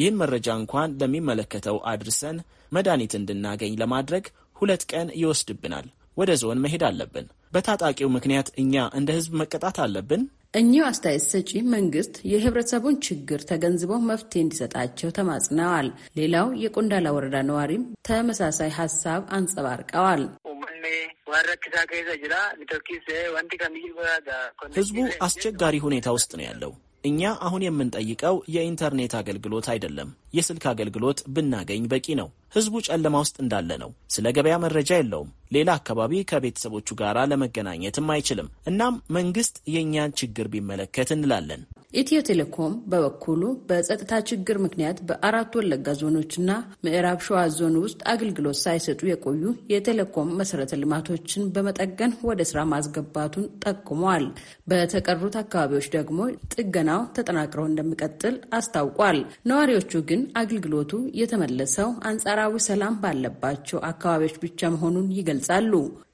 ይህን መረጃ እንኳን ለሚመለከተው አድርሰን መድኃኒት እንድናገኝ ለማድረግ ሁለት ቀን ይወስድብናል። ወደ ዞን መሄድ አለብን። በታጣቂው ምክንያት እኛ እንደ ህዝብ መቀጣት አለብን? እኚሁ አስተያየት ሰጪ መንግስት የህብረተሰቡን ችግር ተገንዝበው መፍትሄ እንዲሰጣቸው ተማጽነዋል። ሌላው የቆንዳላ ወረዳ ነዋሪም ተመሳሳይ ሀሳብ አንጸባርቀዋል። ህዝቡ አስቸጋሪ ሁኔታ ውስጥ ነው ያለው። እኛ አሁን የምንጠይቀው የኢንተርኔት አገልግሎት አይደለም። የስልክ አገልግሎት ብናገኝ በቂ ነው። ህዝቡ ጨለማ ውስጥ እንዳለ ነው። ስለ ገበያ መረጃ የለውም። ሌላ አካባቢ ከቤተሰቦቹ ጋር ለመገናኘትም አይችልም። እናም መንግስት የእኛን ችግር ቢመለከት እንላለን። ኢትዮ ቴሌኮም በበኩሉ በጸጥታ ችግር ምክንያት በአራት ወለጋ ዞኖችና ምዕራብ ሸዋ ዞን ውስጥ አገልግሎት ሳይሰጡ የቆዩ የቴሌኮም መሰረተ ልማቶችን በመጠገን ወደ ስራ ማስገባቱን ጠቁመዋል። በተቀሩት አካባቢዎች ደግሞ ጥገናው ተጠናክሮ እንደሚቀጥል አስታውቋል። ነዋሪዎቹ ግን አገልግሎቱ የተመለሰው አንጻራዊ ሰላም ባለባቸው አካባቢዎች ብቻ መሆኑን ይገልጻሉ።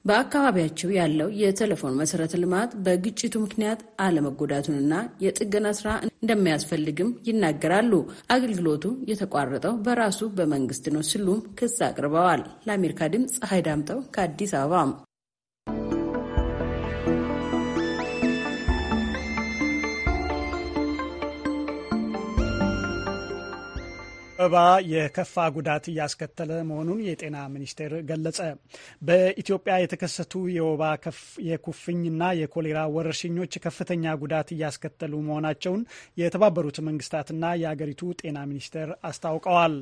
በአካባቢያቸው ያለው የቴሌፎን መሰረተ ልማት በግጭቱ ምክንያት አለመጎዳቱንና የጥገና ስራ እንደሚያስፈልግም ይናገራሉ። አገልግሎቱ የተቋረጠው በራሱ በመንግስት ነው ሲሉም ክስ አቅርበዋል። ለአሜሪካ ድምፅ ፀሐይ ዳምጠው ከአዲስ አበባ ወባ የከፋ ጉዳት እያስከተለ መሆኑን የጤና ሚኒስቴር ገለጸ። በኢትዮጵያ የተከሰቱ የወባ የኩፍኝና የኮሌራ ወረርሽኞች ከፍተኛ ጉዳት እያስከተሉ መሆናቸውን የተባበሩት መንግስታትና የአገሪቱ ጤና ሚኒስቴር አስታውቀዋል።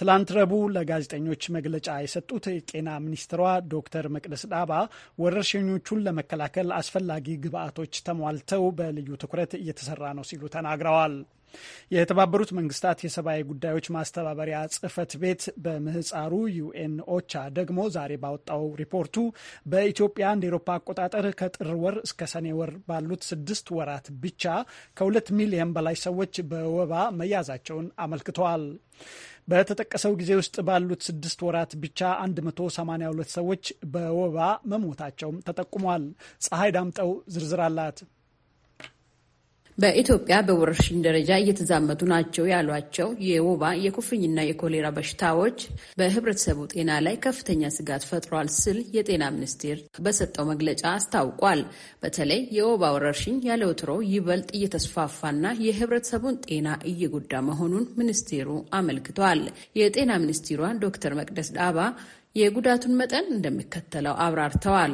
ትላንት ረቡዕ ለጋዜጠኞች መግለጫ የሰጡት የጤና ሚኒስትሯ ዶክተር መቅደስ ዳባ ወረርሽኞቹን ለመከላከል አስፈላጊ ግብአቶች ተሟልተው በልዩ ትኩረት እየተሰራ ነው ሲሉ ተናግረዋል። የተባበሩት መንግስታት የሰብአዊ ጉዳዮች ማስተባበሪያ ጽህፈት ቤት በምህፃሩ ዩኤን ኦቻ ደግሞ ዛሬ ባወጣው ሪፖርቱ በኢትዮጵያ እንደ ኤሮፓ አቆጣጠር ከጥር ወር እስከ ሰኔ ወር ባሉት ስድስት ወራት ብቻ ከሁለት ሚሊየን በላይ ሰዎች በወባ መያዛቸውን አመልክተዋል። በተጠቀሰው ጊዜ ውስጥ ባሉት ስድስት ወራት ብቻ 182 ሰዎች በወባ መሞታቸውም ተጠቁሟል። ፀሐይ ዳምጠው ዝርዝር አላት። በኢትዮጵያ በወረርሽኝ ደረጃ እየተዛመቱ ናቸው ያሏቸው የወባ የኩፍኝና የኮሌራ በሽታዎች በህብረተሰቡ ጤና ላይ ከፍተኛ ስጋት ፈጥሯል ስል የጤና ሚኒስቴር በሰጠው መግለጫ አስታውቋል። በተለይ የወባ ወረርሽኝ ያለወትሮ ይበልጥ እየተስፋፋና የህብረተሰቡን ጤና እየጎዳ መሆኑን ሚኒስቴሩ አመልክቷል። የጤና ሚኒስቴሯ ዶክተር መቅደስ ዳባ የጉዳቱን መጠን እንደሚከተለው አብራርተዋል።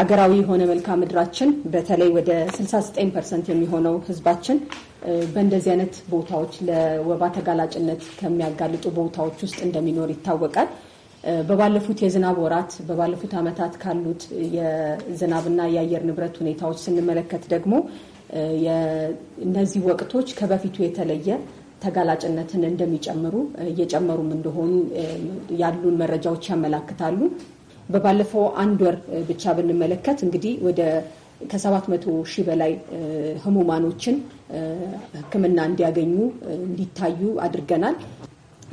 አገራዊ የሆነ መልክዓ ምድራችን በተለይ ወደ 69 ፐርሰንት የሚሆነው ህዝባችን በእንደዚህ አይነት ቦታዎች ለወባ ተጋላጭነት ከሚያጋልጡ ቦታዎች ውስጥ እንደሚኖር ይታወቃል። በባለፉት የዝናብ ወራት በባለፉት ዓመታት ካሉት የዝናብና የአየር ንብረት ሁኔታዎች ስንመለከት ደግሞ እነዚህ ወቅቶች ከበፊቱ የተለየ ተጋላጭነትን እንደሚጨምሩ እየጨመሩም እንደሆኑ ያሉን መረጃዎች ያመላክታሉ። በባለፈው አንድ ወር ብቻ ብንመለከት እንግዲህ ወደ ከሰባት መቶ ሺህ በላይ ህሙማኖችን ሕክምና እንዲያገኙ እንዲታዩ አድርገናል።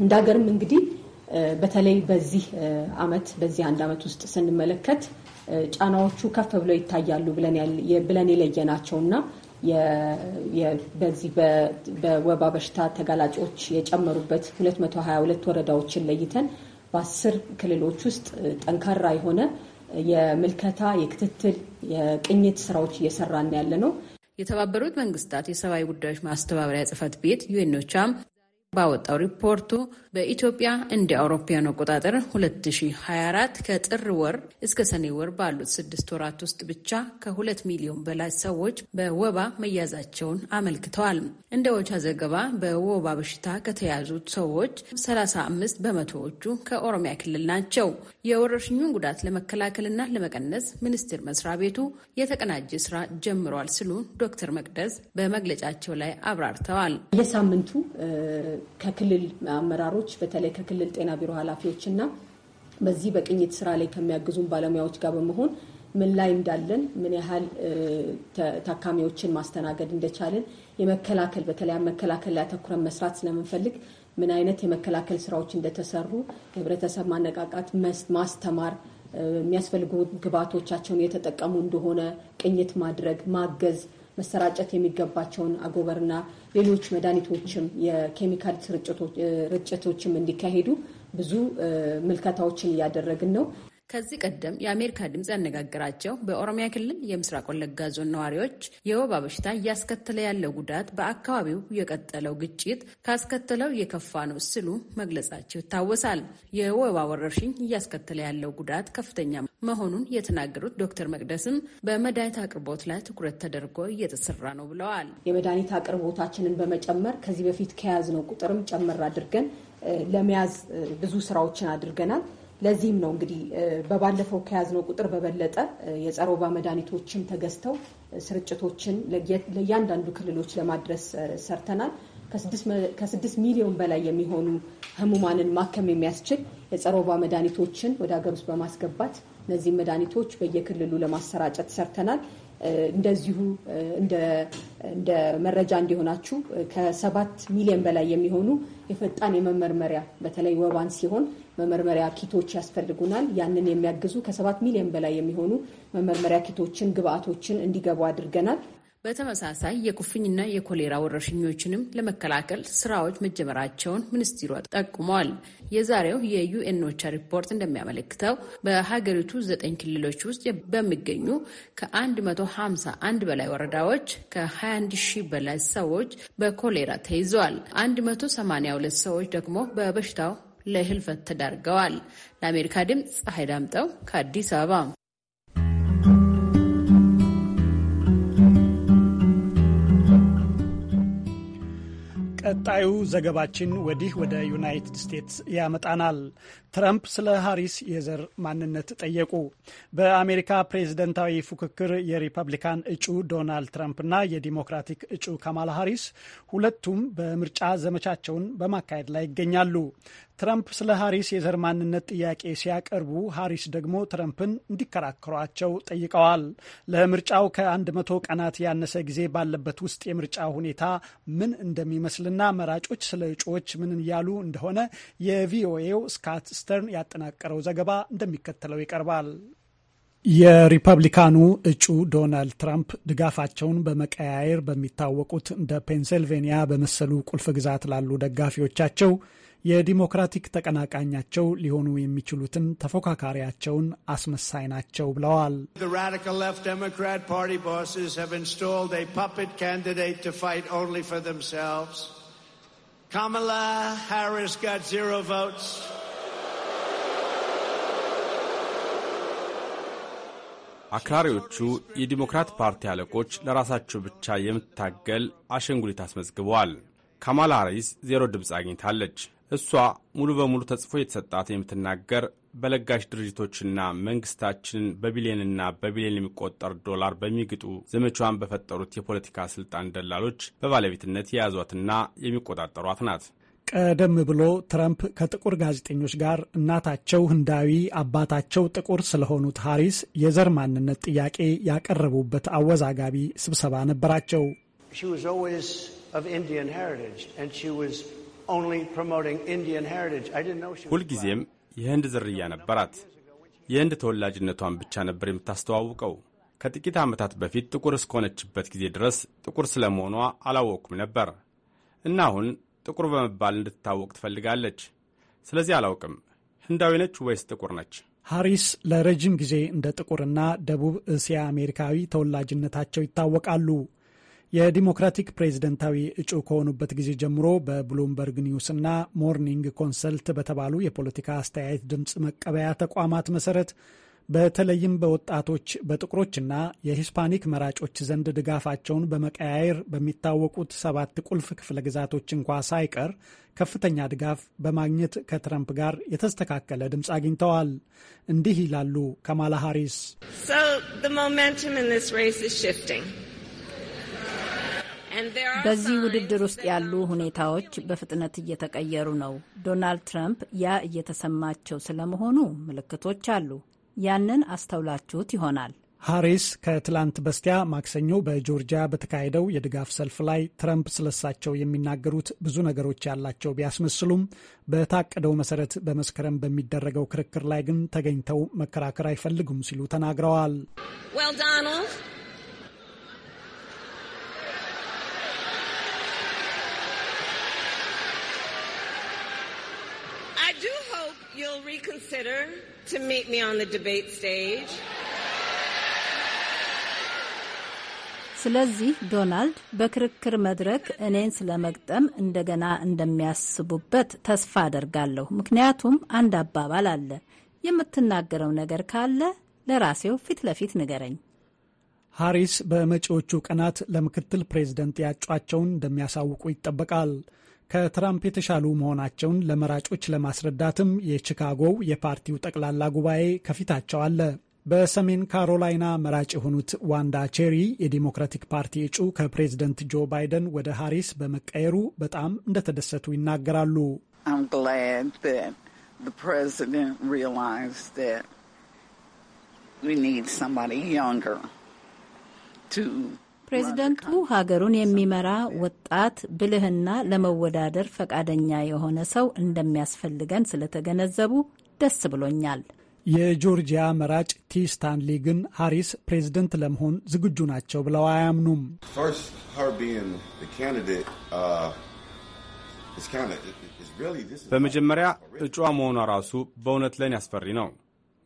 እንደ ሀገርም እንግዲህ በተለይ በዚህ አመት በዚህ አንድ አመት ውስጥ ስንመለከት ጫናዎቹ ከፍ ብለው ይታያሉ ብለን የለየናቸው እና በዚህ በወባ በሽታ ተጋላጮች የጨመሩበት 222 ወረዳዎችን ለይተን በአስር ክልሎች ውስጥ ጠንካራ የሆነ የምልከታ፣ የክትትል፣ የቅኝት ስራዎች እየሰራን ያለ ነው። የተባበሩት መንግስታት የሰብአዊ ጉዳዮች ማስተባበሪያ ጽህፈት ቤት ዩኤኖቻም ባወጣው ሪፖርቱ በኢትዮጵያ እንደ አውሮፓውያን አቆጣጠር 2024 ከጥር ወር እስከ ሰኔ ወር ባሉት ስድስት ወራት ውስጥ ብቻ ከሁለት ሚሊዮን በላይ ሰዎች በወባ መያዛቸውን አመልክተዋል። እንደ ወቻ ዘገባ በወባ በሽታ ከተያዙት ሰዎች 35 በመቶዎቹ ከኦሮሚያ ክልል ናቸው። የወረርሽኙን ጉዳት ለመከላከልና ለመቀነስ ሚኒስቴር መስሪያ ቤቱ የተቀናጀ ስራ ጀምሯል ሲሉ ዶክተር መቅደስ በመግለጫቸው ላይ አብራርተዋል። የሳምንቱ ከክልል አመራሮች በተለይ ከክልል ጤና ቢሮ ኃላፊዎችና በዚህ በቅኝት ስራ ላይ ከሚያግዙን ባለሙያዎች ጋር በመሆን ምን ላይ እንዳለን ምን ያህል ታካሚዎችን ማስተናገድ እንደቻለን የመከላከል በተለይ መከላከል ላይ አተኩረን መስራት ስለምንፈልግ ምን አይነት የመከላከል ስራዎች እንደተሰሩ የህብረተሰብ ማነቃቃት፣ ማስተማር፣ የሚያስፈልጉ ግብዓቶቻቸውን የተጠቀሙ እንደሆነ ቅኝት ማድረግ ማገዝ መሰራጨት የሚገባቸውን አጎበርና ሌሎች መድኃኒቶችም የኬሚካል ርጭቶችም እንዲካሄዱ ብዙ ምልከታዎችን እያደረግን ነው። ከዚህ ቀደም የአሜሪካ ድምፅ ያነጋገራቸው በኦሮሚያ ክልል የምስራቅ ወለጋ ዞን ነዋሪዎች የወባ በሽታ እያስከተለ ያለው ጉዳት በአካባቢው የቀጠለው ግጭት ካስከተለው የከፋ ነው ሲሉ መግለጻቸው ይታወሳል። የወባ ወረርሽኝ እያስከተለ ያለው ጉዳት ከፍተኛ መሆኑን የተናገሩት ዶክተር መቅደስም በመድኃኒት አቅርቦት ላይ ትኩረት ተደርጎ እየተሰራ ነው ብለዋል። የመድኃኒት አቅርቦታችንን በመጨመር ከዚህ በፊት ከያዝነው ቁጥርም ጨመር አድርገን ለመያዝ ብዙ ስራዎችን አድርገናል። ለዚህም ነው እንግዲህ በባለፈው ከያዝነው ቁጥር በበለጠ የጸረ ወባ መድኃኒቶችም ተገዝተው ስርጭቶችን ለእያንዳንዱ ክልሎች ለማድረስ ሰርተናል። ከስድስት ሚሊዮን በላይ የሚሆኑ ህሙማንን ማከም የሚያስችል የጸረ ወባ መድኃኒቶችን ወደ ሀገር ውስጥ በማስገባት እነዚህም መድኃኒቶች በየክልሉ ለማሰራጨት ሰርተናል። እንደዚሁ እንደ መረጃ እንዲሆናችሁ ከሰባት ሚሊዮን በላይ የሚሆኑ የፈጣን የመመርመሪያ በተለይ ወባን ሲሆን መመርመሪያ ኪቶች ያስፈልጉናል። ያንን የሚያግዙ ከሰባት ሚሊዮን በላይ የሚሆኑ መመርመሪያ ኪቶችን፣ ግብአቶችን እንዲገቡ አድርገናል። በተመሳሳይ የኩፍኝና የኮሌራ ወረርሽኞችንም ለመከላከል ስራዎች መጀመራቸውን ሚኒስትሯ ጠቁመዋል። የዛሬው የዩኤኖቻ ሪፖርት እንደሚያመለክተው በሀገሪቱ ዘጠኝ ክልሎች ውስጥ በሚገኙ ከ151 በላይ ወረዳዎች ከ21 ሺህ በላይ ሰዎች በኮሌራ ተይዘዋል። 182 ሰዎች ደግሞ በበሽታው ለህልፈት ተዳርገዋል። ለአሜሪካ ድምፅ ፀሐይ ዳምጠው ከአዲስ አበባ ቀጣዩ ዘገባችን ወዲህ ወደ ዩናይትድ ስቴትስ ያመጣናል። ትራምፕ ስለ ሃሪስ የዘር ማንነት ጠየቁ። በአሜሪካ ፕሬዝደንታዊ ፉክክር የሪፐብሊካን እጩ ዶናልድ ትራምፕና የዲሞክራቲክ እጩ ካማላ ሃሪስ ሁለቱም በምርጫ ዘመቻቸውን በማካሄድ ላይ ይገኛሉ። ትረምፕ ስለ ሃሪስ የዘር ማንነት ጥያቄ ሲያቀርቡ ሃሪስ ደግሞ ትረምፕን እንዲከራከሯቸው ጠይቀዋል። ለምርጫው ከ100 ቀናት ያነሰ ጊዜ ባለበት ውስጥ የምርጫ ሁኔታ ምን እንደሚመስልና መራጮች ስለ እጩዎች ምን እያሉ እንደሆነ የቪኦኤው ስካት ስተርን ያጠናቀረው ዘገባ እንደሚከተለው ይቀርባል። የሪፐብሊካኑ እጩ ዶናልድ ትራምፕ ድጋፋቸውን በመቀያየር በሚታወቁት እንደ ፔንሲልቬኒያ በመሰሉ ቁልፍ ግዛት ላሉ ደጋፊዎቻቸው የዲሞክራቲክ ተቀናቃኛቸው ሊሆኑ የሚችሉትን ተፎካካሪያቸውን አስመሳይ ናቸው ብለዋል። Kamala ሃሪስ got zero votes. አክራሪዎቹ የዲሞክራት ፓርቲ አለቆች ለራሳቸው ብቻ የምታገል አሸንጉሊት አስመዝግበዋል። ካማላ ሃሪስ ዜሮ ድምፅ አግኝታለች። እሷ ሙሉ በሙሉ ተጽፎ የተሰጣት የምትናገር በለጋሽ ድርጅቶችና መንግስታችንን በቢሊዮንና በቢሊዮን የሚቆጠር ዶላር በሚግጡ ዘመቻዋን በፈጠሩት የፖለቲካ ስልጣን ደላሎች በባለቤትነት የያዟትና የሚቆጣጠሯት ናት። ቀደም ብሎ ትረምፕ ከጥቁር ጋዜጠኞች ጋር እናታቸው ህንዳዊ አባታቸው ጥቁር ስለሆኑት ሃሪስ የዘር ማንነት ጥያቄ ያቀረቡበት አወዛጋቢ ስብሰባ ነበራቸው። ሁልጊዜም የህንድ ዝርያ ነበራት። የህንድ ተወላጅነቷን ብቻ ነበር የምታስተዋውቀው። ከጥቂት ዓመታት በፊት ጥቁር እስከሆነችበት ጊዜ ድረስ ጥቁር ስለመሆኗ አላወቅኩም ነበር እና አሁን ጥቁር በመባል እንድትታወቅ ትፈልጋለች። ስለዚህ አላውቅም፣ ህንዳዊ ነች ወይስ ጥቁር ነች? ሃሪስ ለረጅም ጊዜ እንደ ጥቁርና ደቡብ እስያ አሜሪካዊ ተወላጅነታቸው ይታወቃሉ። የዲሞክራቲክ ፕሬዝደንታዊ እጩ ከሆኑበት ጊዜ ጀምሮ በብሉምበርግ ኒውስ እና ሞርኒንግ ኮንሰልት በተባሉ የፖለቲካ አስተያየት ድምፅ መቀበያ ተቋማት መሰረት በተለይም በወጣቶች በጥቁሮችና የሂስፓኒክ መራጮች ዘንድ ድጋፋቸውን በመቀያየር በሚታወቁት ሰባት ቁልፍ ክፍለ ግዛቶች እንኳ ሳይቀር ከፍተኛ ድጋፍ በማግኘት ከትረምፕ ጋር የተስተካከለ ድምፅ አግኝተዋል። እንዲህ ይላሉ ካማላ ሃሪስ በዚህ ውድድር ውስጥ ያሉ ሁኔታዎች በፍጥነት እየተቀየሩ ነው። ዶናልድ ትራምፕ ያ እየተሰማቸው ስለመሆኑ ምልክቶች አሉ። ያንን አስተውላችሁት ይሆናል። ሃሪስ ከትላንት በስቲያ ማክሰኞ በጆርጂያ በተካሄደው የድጋፍ ሰልፍ ላይ ትረምፕ ስለሳቸው የሚናገሩት ብዙ ነገሮች ያላቸው ቢያስመስሉም በታቀደው መሰረት በመስከረም በሚደረገው ክርክር ላይ ግን ተገኝተው መከራከር አይፈልጉም ሲሉ ተናግረዋል። reconsider to meet me on the debate stage. ስለዚህ ዶናልድ በክርክር መድረክ እኔን ስለመግጠም እንደገና እንደሚያስቡበት ተስፋ አደርጋለሁ። ምክንያቱም አንድ አባባል አለ፣ የምትናገረው ነገር ካለ ለራሴው ፊት ለፊት ንገረኝ። ሃሪስ በመጪዎቹ ቀናት ለምክትል ፕሬዝደንት ያጯቸውን እንደሚያሳውቁ ይጠበቃል። ከትራምፕ የተሻሉ መሆናቸውን ለመራጮች ለማስረዳትም የቺካጎው የፓርቲው ጠቅላላ ጉባኤ ከፊታቸው አለ። በሰሜን ካሮላይና መራጭ የሆኑት ዋንዳ ቼሪ የዲሞክራቲክ ፓርቲ እጩ ከፕሬዝደንት ጆ ባይደን ወደ ሃሪስ በመቀየሩ በጣም እንደተደሰቱ ይናገራሉ። ፕሬዚደንቱ ሀገሩን የሚመራ ወጣት ብልህና ለመወዳደር ፈቃደኛ የሆነ ሰው እንደሚያስፈልገን ስለተገነዘቡ ደስ ብሎኛል። የጆርጂያ መራጭ ቲ ስታንሊ ግን ሃሪስ ፕሬዝደንት ለመሆን ዝግጁ ናቸው ብለው አያምኑም። uh, በመጀመሪያ እጩዋ መሆኗ ራሱ በእውነት ለን ያስፈሪ ነው።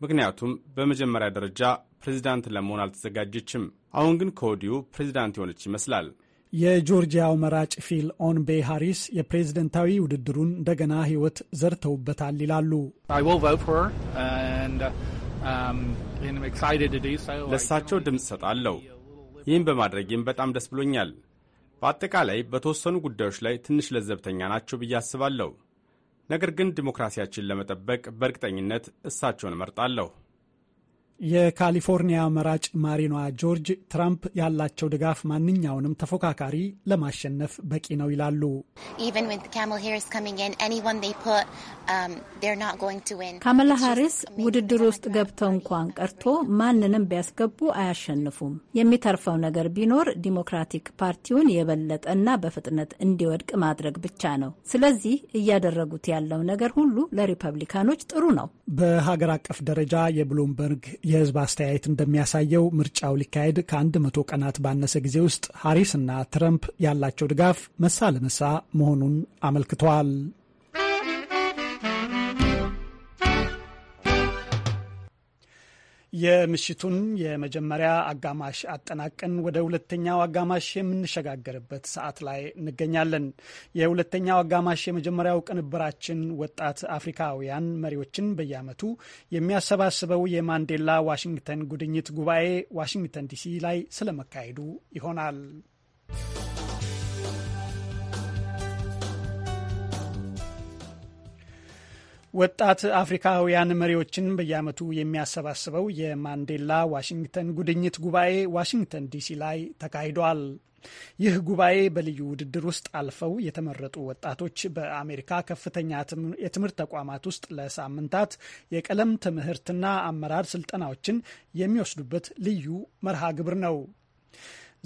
ምክንያቱም በመጀመሪያ ደረጃ ፕሬዚዳንት ለመሆን አልተዘጋጀችም። አሁን ግን ከወዲሁ ፕሬዚዳንት የሆነች ይመስላል። የጆርጂያው መራጭ ፊል ኦንቤ ሃሪስ የፕሬዝደንታዊ ውድድሩን እንደገና ህይወት ዘርተውበታል ይላሉ። um, ለእሳቸው ድምፅ ሰጣለሁ። ይህም በማድረጌም በጣም ደስ ብሎኛል። በአጠቃላይ በተወሰኑ ጉዳዮች ላይ ትንሽ ለዘብተኛ ናቸው ብዬ አስባለሁ። ነገር ግን ዲሞክራሲያችን ለመጠበቅ በእርግጠኝነት እሳቸውን እመርጣለሁ። የካሊፎርኒያ መራጭ ማሪኗ ጆርጅ ትራምፕ ያላቸው ድጋፍ ማንኛውንም ተፎካካሪ ለማሸነፍ በቂ ነው ይላሉ። ካመላ ሃሪስ um, ውድድር ውስጥ ገብተው እንኳን ቀርቶ ማንንም ቢያስገቡ አያሸንፉም። የሚተርፈው ነገር ቢኖር ዲሞክራቲክ ፓርቲውን የበለጠና በፍጥነት እንዲወድቅ ማድረግ ብቻ ነው። ስለዚህ እያደረጉት ያለው ነገር ሁሉ ለሪፐብሊካኖች ጥሩ ነው። በሀገር አቀፍ ደረጃ የብሉምበርግ የህዝብ አስተያየት እንደሚያሳየው ምርጫው ሊካሄድ ከአንድ መቶ ቀናት ባነሰ ጊዜ ውስጥ ሀሪስ እና ትረምፕ ያላቸው ድጋፍ መሳ ለመሳ መሆኑን አመልክተዋል። የምሽቱን የመጀመሪያ አጋማሽ አጠናቀን ወደ ሁለተኛው አጋማሽ የምንሸጋገርበት ሰዓት ላይ እንገኛለን። የሁለተኛው አጋማሽ የመጀመሪያው ቅንብራችን ወጣት አፍሪካውያን መሪዎችን በየዓመቱ የሚያሰባስበው የማንዴላ ዋሽንግተን ጉድኝት ጉባኤ ዋሽንግተን ዲሲ ላይ ስለመካሄዱ ይሆናል። ወጣት አፍሪካውያን መሪዎችን በየዓመቱ የሚያሰባስበው የማንዴላ ዋሽንግተን ጉድኝት ጉባኤ ዋሽንግተን ዲሲ ላይ ተካሂዷል። ይህ ጉባኤ በልዩ ውድድር ውስጥ አልፈው የተመረጡ ወጣቶች በአሜሪካ ከፍተኛ የትምህርት ተቋማት ውስጥ ለሳምንታት የቀለም ትምህርትና አመራር ስልጠናዎችን የሚወስዱበት ልዩ መርሃ ግብር ነው።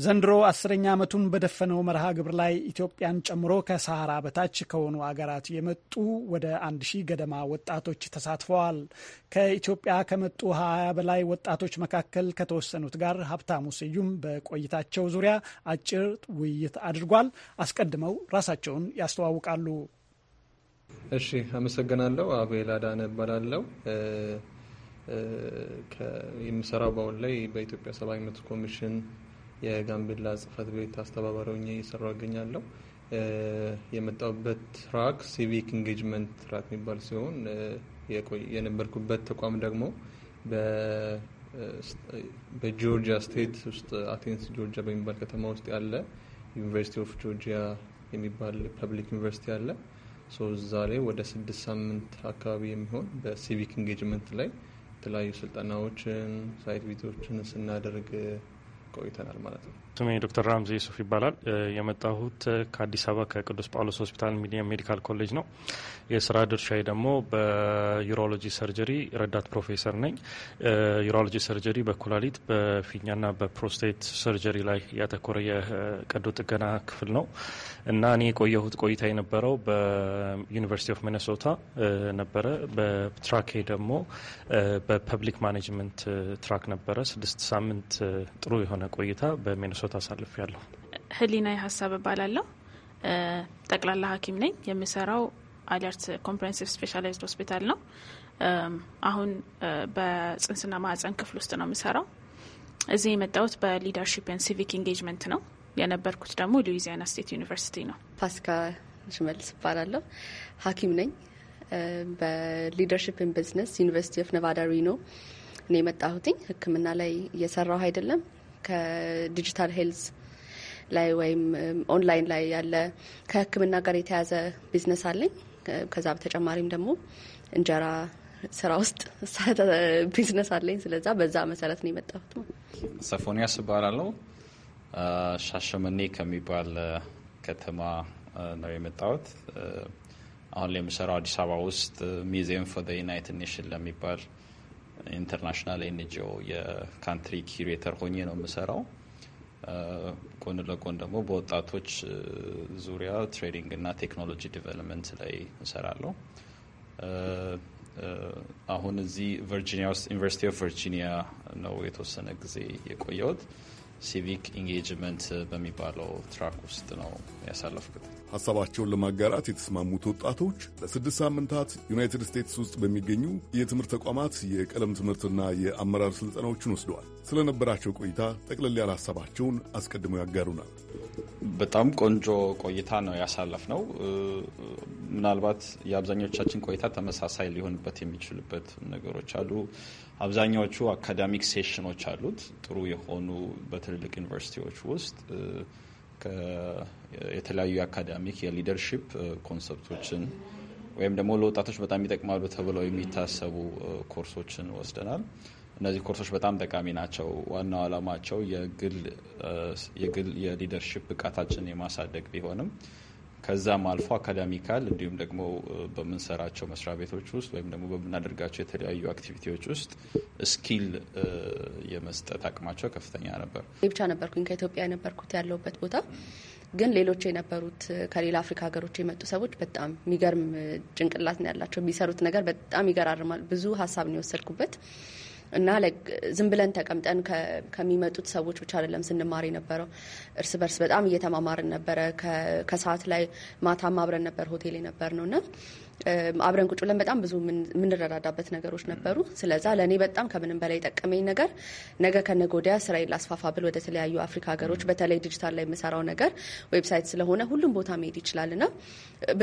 ዘንድሮ አስረኛ ዓመቱን በደፈነው መርሃ ግብር ላይ ኢትዮጵያን ጨምሮ ከሰሃራ በታች ከሆኑ አገራት የመጡ ወደ አንድ ሺህ ገደማ ወጣቶች ተሳትፈዋል። ከኢትዮጵያ ከመጡ ሀያ በላይ ወጣቶች መካከል ከተወሰኑት ጋር ሀብታሙ ስዩም በቆይታቸው ዙሪያ አጭር ውይይት አድርጓል። አስቀድመው ራሳቸውን ያስተዋውቃሉ። እሺ፣ አመሰግናለሁ። አቤል አዳነ እባላለሁ። የምሰራው በአሁን ላይ በኢትዮጵያ ሰብአዊ መብት ኮሚሽን የጋምቤላ ጽህፈት ቤት አስተባባሪ ሆኜ እየሰራሁ እገኛለሁ። የመጣሁበት ትራክ ሲቪክ ኢንጌጅመንት ትራክ የሚባል ሲሆን የነበርኩበት ተቋም ደግሞ በጆርጂያ ስቴት ውስጥ አቴንስ ጆርጂያ በሚባል ከተማ ውስጥ ያለ ዩኒቨርሲቲ ኦፍ ጂኦርጂያ የሚባል ፐብሊክ ዩኒቨርሲቲ አለ። እዛ ላይ ወደ ስድስት ሳምንት አካባቢ የሚሆን በሲቪክ ኢንጌጅመንት ላይ የተለያዩ ስልጠናዎችን ሳይት ቪዚቶችን ስናደርግ koitana hermana ስሜ ዶክተር ራምዚ ሱፍ ይባላል። የመጣሁት ከአዲስ አበባ ከቅዱስ ጳውሎስ ሆስፒታል ሚሊኒየም ሜዲካል ኮሌጅ ነው። የስራ ድርሻዬ ደግሞ በዩሮሎጂ ሰርጀሪ ረዳት ፕሮፌሰር ነኝ። ዩሮሎጂ ሰርጀሪ በኩላሊት በፊኛና በፕሮስቴት ሰርጀሪ ላይ ያተኮረ የቀዶ ጥገና ክፍል ነው እና እኔ የቆየሁት ቆይታ የነበረው በዩኒቨርሲቲ ኦፍ ሚነሶታ ነበረ። በትራኬ ደግሞ በፐብሊክ ማኔጅመንት ትራክ ነበረ። ስድስት ሳምንት ጥሩ የሆነ ቆይታ በሚነሶ ብሶት አሳልፍ ያለሁ ህሊና የሀሳብ እባላለሁ። ጠቅላላ ሐኪም ነኝ። የምሰራው አሊያርት ኮምፕሬንሲቭ ስፔሻላይዝድ ሆስፒታል ነው። አሁን በጽንስና ማህፀን ክፍል ውስጥ ነው የምሰራው። እዚህ የመጣሁት በሊደርሺፕ ን ሲቪክ ኢንጌጅመንት ነው። የነበርኩት ደግሞ ሉዊዚያና ስቴት ዩኒቨርሲቲ ነው። ፓስካ ሽመልስ እባላለሁ። ሐኪም ነኝ። በሊደርሺፕ ን ቢዝነስ ዩኒቨርሲቲ ኦፍ ነቫዳ ሪኖ እኔ የመጣሁትኝ ህክምና ላይ እየሰራሁ አይደለም ከዲጂታል ሄልዝ ላይ ወይም ኦንላይን ላይ ያለ ከህክምና ጋር የተያዘ ቢዝነስ አለኝ። ከዛ በተጨማሪም ደግሞ እንጀራ ስራ ውስጥ ቢዝነስ አለኝ። ስለዛ በዛ መሰረት ነው የመጣሁት። ሶፎንያስ እባላለሁ። ሻሸመኔ ከሚባል ከተማ ነው የመጣሁት። አሁን ላይ የምሰራው አዲስ አበባ ውስጥ ሚዚየም ፎር ዩናይትድ ኔሽን ለሚባል ኢንተርናሽናል ኤንጂኦ የካንትሪ ኪሬተር ሆኜ ነው የምሰራው። ጎን ለጎን ደግሞ በወጣቶች ዙሪያ ትሬዲንግ እና ቴክኖሎጂ ዲቨሎፕመንት ላይ እሰራለሁ። አሁን እዚህ ቨርጂኒያ ውስጥ ዩኒቨርሲቲ ኦፍ ቨርጂኒያ ነው የተወሰነ ጊዜ የቆየሁት። ሲቪክ ኢንጌጅመንት በሚባለው ትራክ ውስጥ ነው ያሳለፍኩት። ሀሳባቸውን ለማጋራት የተስማሙት ወጣቶች ለስድስት ሳምንታት ዩናይትድ ስቴትስ ውስጥ በሚገኙ የትምህርት ተቋማት የቀለም ትምህርትና የአመራር ስልጠናዎችን ወስደዋል። ስለነበራቸው ቆይታ ጠቅለል ያለ ሀሳባቸውን አስቀድመው ያጋሩናል። በጣም ቆንጆ ቆይታ ነው ያሳለፍ ነው። ምናልባት የአብዛኞቻችን ቆይታ ተመሳሳይ ሊሆንበት የሚችልበት ነገሮች አሉ። አብዛኛዎቹ አካዳሚክ ሴሽኖች አሉት። ጥሩ የሆኑ በትልልቅ ዩኒቨርሲቲዎች ውስጥ የተለያዩ አካዳሚክ የሊደርሽፕ ኮንሰፕቶችን ወይም ደግሞ ለወጣቶች በጣም ይጠቅማሉ ተብለው የሚታሰቡ ኮርሶችን ወስደናል። እነዚህ ኮርሶች በጣም ጠቃሚ ናቸው። ዋናው ዓላማቸው የግል የሊደርሽፕ ብቃታችን የማሳደግ ቢሆንም ከዛም አልፎ አካዳሚካል እንዲሁም ደግሞ በምንሰራቸው መስሪያ ቤቶች ውስጥ ወይም ደግሞ በምናደርጋቸው የተለያዩ አክቲቪቲዎች ውስጥ ስኪል የመስጠት አቅማቸው ከፍተኛ ነበር። ብቻ ነበርኩኝ ከኢትዮጵያ የነበርኩት ያለውበት ቦታ ግን ሌሎች የነበሩት ከሌላ አፍሪካ ሀገሮች የመጡ ሰዎች በጣም የሚገርም ጭንቅላት ነው ያላቸው። የሚሰሩት ነገር በጣም ይገራርማል። ብዙ ሀሳብ ነው የወሰድኩበት። እና ዝም ብለን ተቀምጠን ከሚመጡት ሰዎች ብቻ አይደለም ስንማር የነበረው እርስ በርስ በጣም እየተማማርን ነበረ። ከሰዓት ላይ ማታም አብረን ነበር ሆቴል የነበር ነው እና አብረን ቁጭ ብለን በጣም ብዙ የምንረዳዳበት ነገሮች ነበሩ። ስለዛ ለእኔ በጣም ከምንም በላይ የጠቀመኝ ነገር ነገ ከነገ ወዲያ ስራዬን ላስፋፋ ብል ወደ ተለያዩ አፍሪካ ሀገሮች በተለይ ዲጂታል ላይ የምሰራው ነገር ዌብሳይት ስለሆነ ሁሉም ቦታ መሄድ ይችላል እና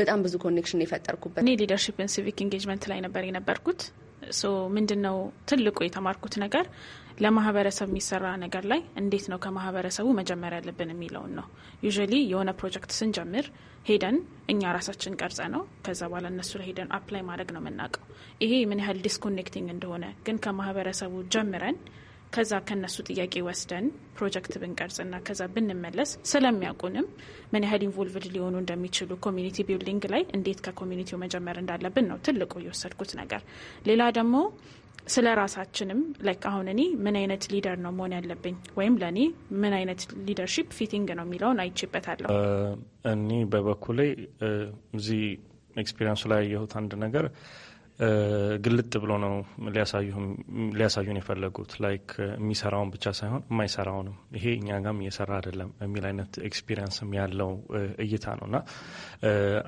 በጣም ብዙ ኮኔክሽን የፈጠርኩበት እኔ ሊደርሽፕን ሲቪክ ኢንጌጅመንት ላይ ነበር የነበርኩት ምንድን ነው ትልቁ የተማርኩት ነገር ለማህበረሰብ የሚሰራ ነገር ላይ እንዴት ነው ከማህበረሰቡ መጀመር ያለብን የሚለውን ነው። ዩዥሊ የሆነ ፕሮጀክት ስንጀምር ሄደን እኛ ራሳችን ቀርጸ ነው ከዛ በኋላ እነሱ ላይ ሄደን አፕላይ ማድረግ ነው የምናውቀው። ይሄ ምን ያህል ዲስኮኔክቲንግ እንደሆነ ግን ከማህበረሰቡ ጀምረን ከዛ ከነሱ ጥያቄ ወስደን ፕሮጀክት ብንቀርጽና ከዛ ብንመለስ ስለሚያውቁንም ምን ያህል ኢንቮልቭድ ሊሆኑ እንደሚችሉ ኮሚኒቲ ቢልዲንግ ላይ እንዴት ከኮሚኒቲው መጀመር እንዳለብን ነው ትልቁ የወሰድኩት ነገር። ሌላ ደግሞ ስለ ራሳችንም ላይክ አሁን እኔ ምን አይነት ሊደር ነው መሆን ያለብኝ ወይም ለእኔ ምን አይነት ሊደርሺፕ ፊቲንግ ነው የሚለውን አይቼበታለሁ። እኔ በበኩሌ እዚህ ኤክስፒሪንሱ ላይ ያየሁት አንድ ነገር ግልጥ ብሎ ነው ሊያሳዩን የፈለጉት። ላይክ የሚሰራውን ብቻ ሳይሆን የማይሰራውንም ይሄ እኛ ጋም እየሰራ አይደለም የሚል አይነት ኤክስፒሪየንስም ያለው እይታ ነው እና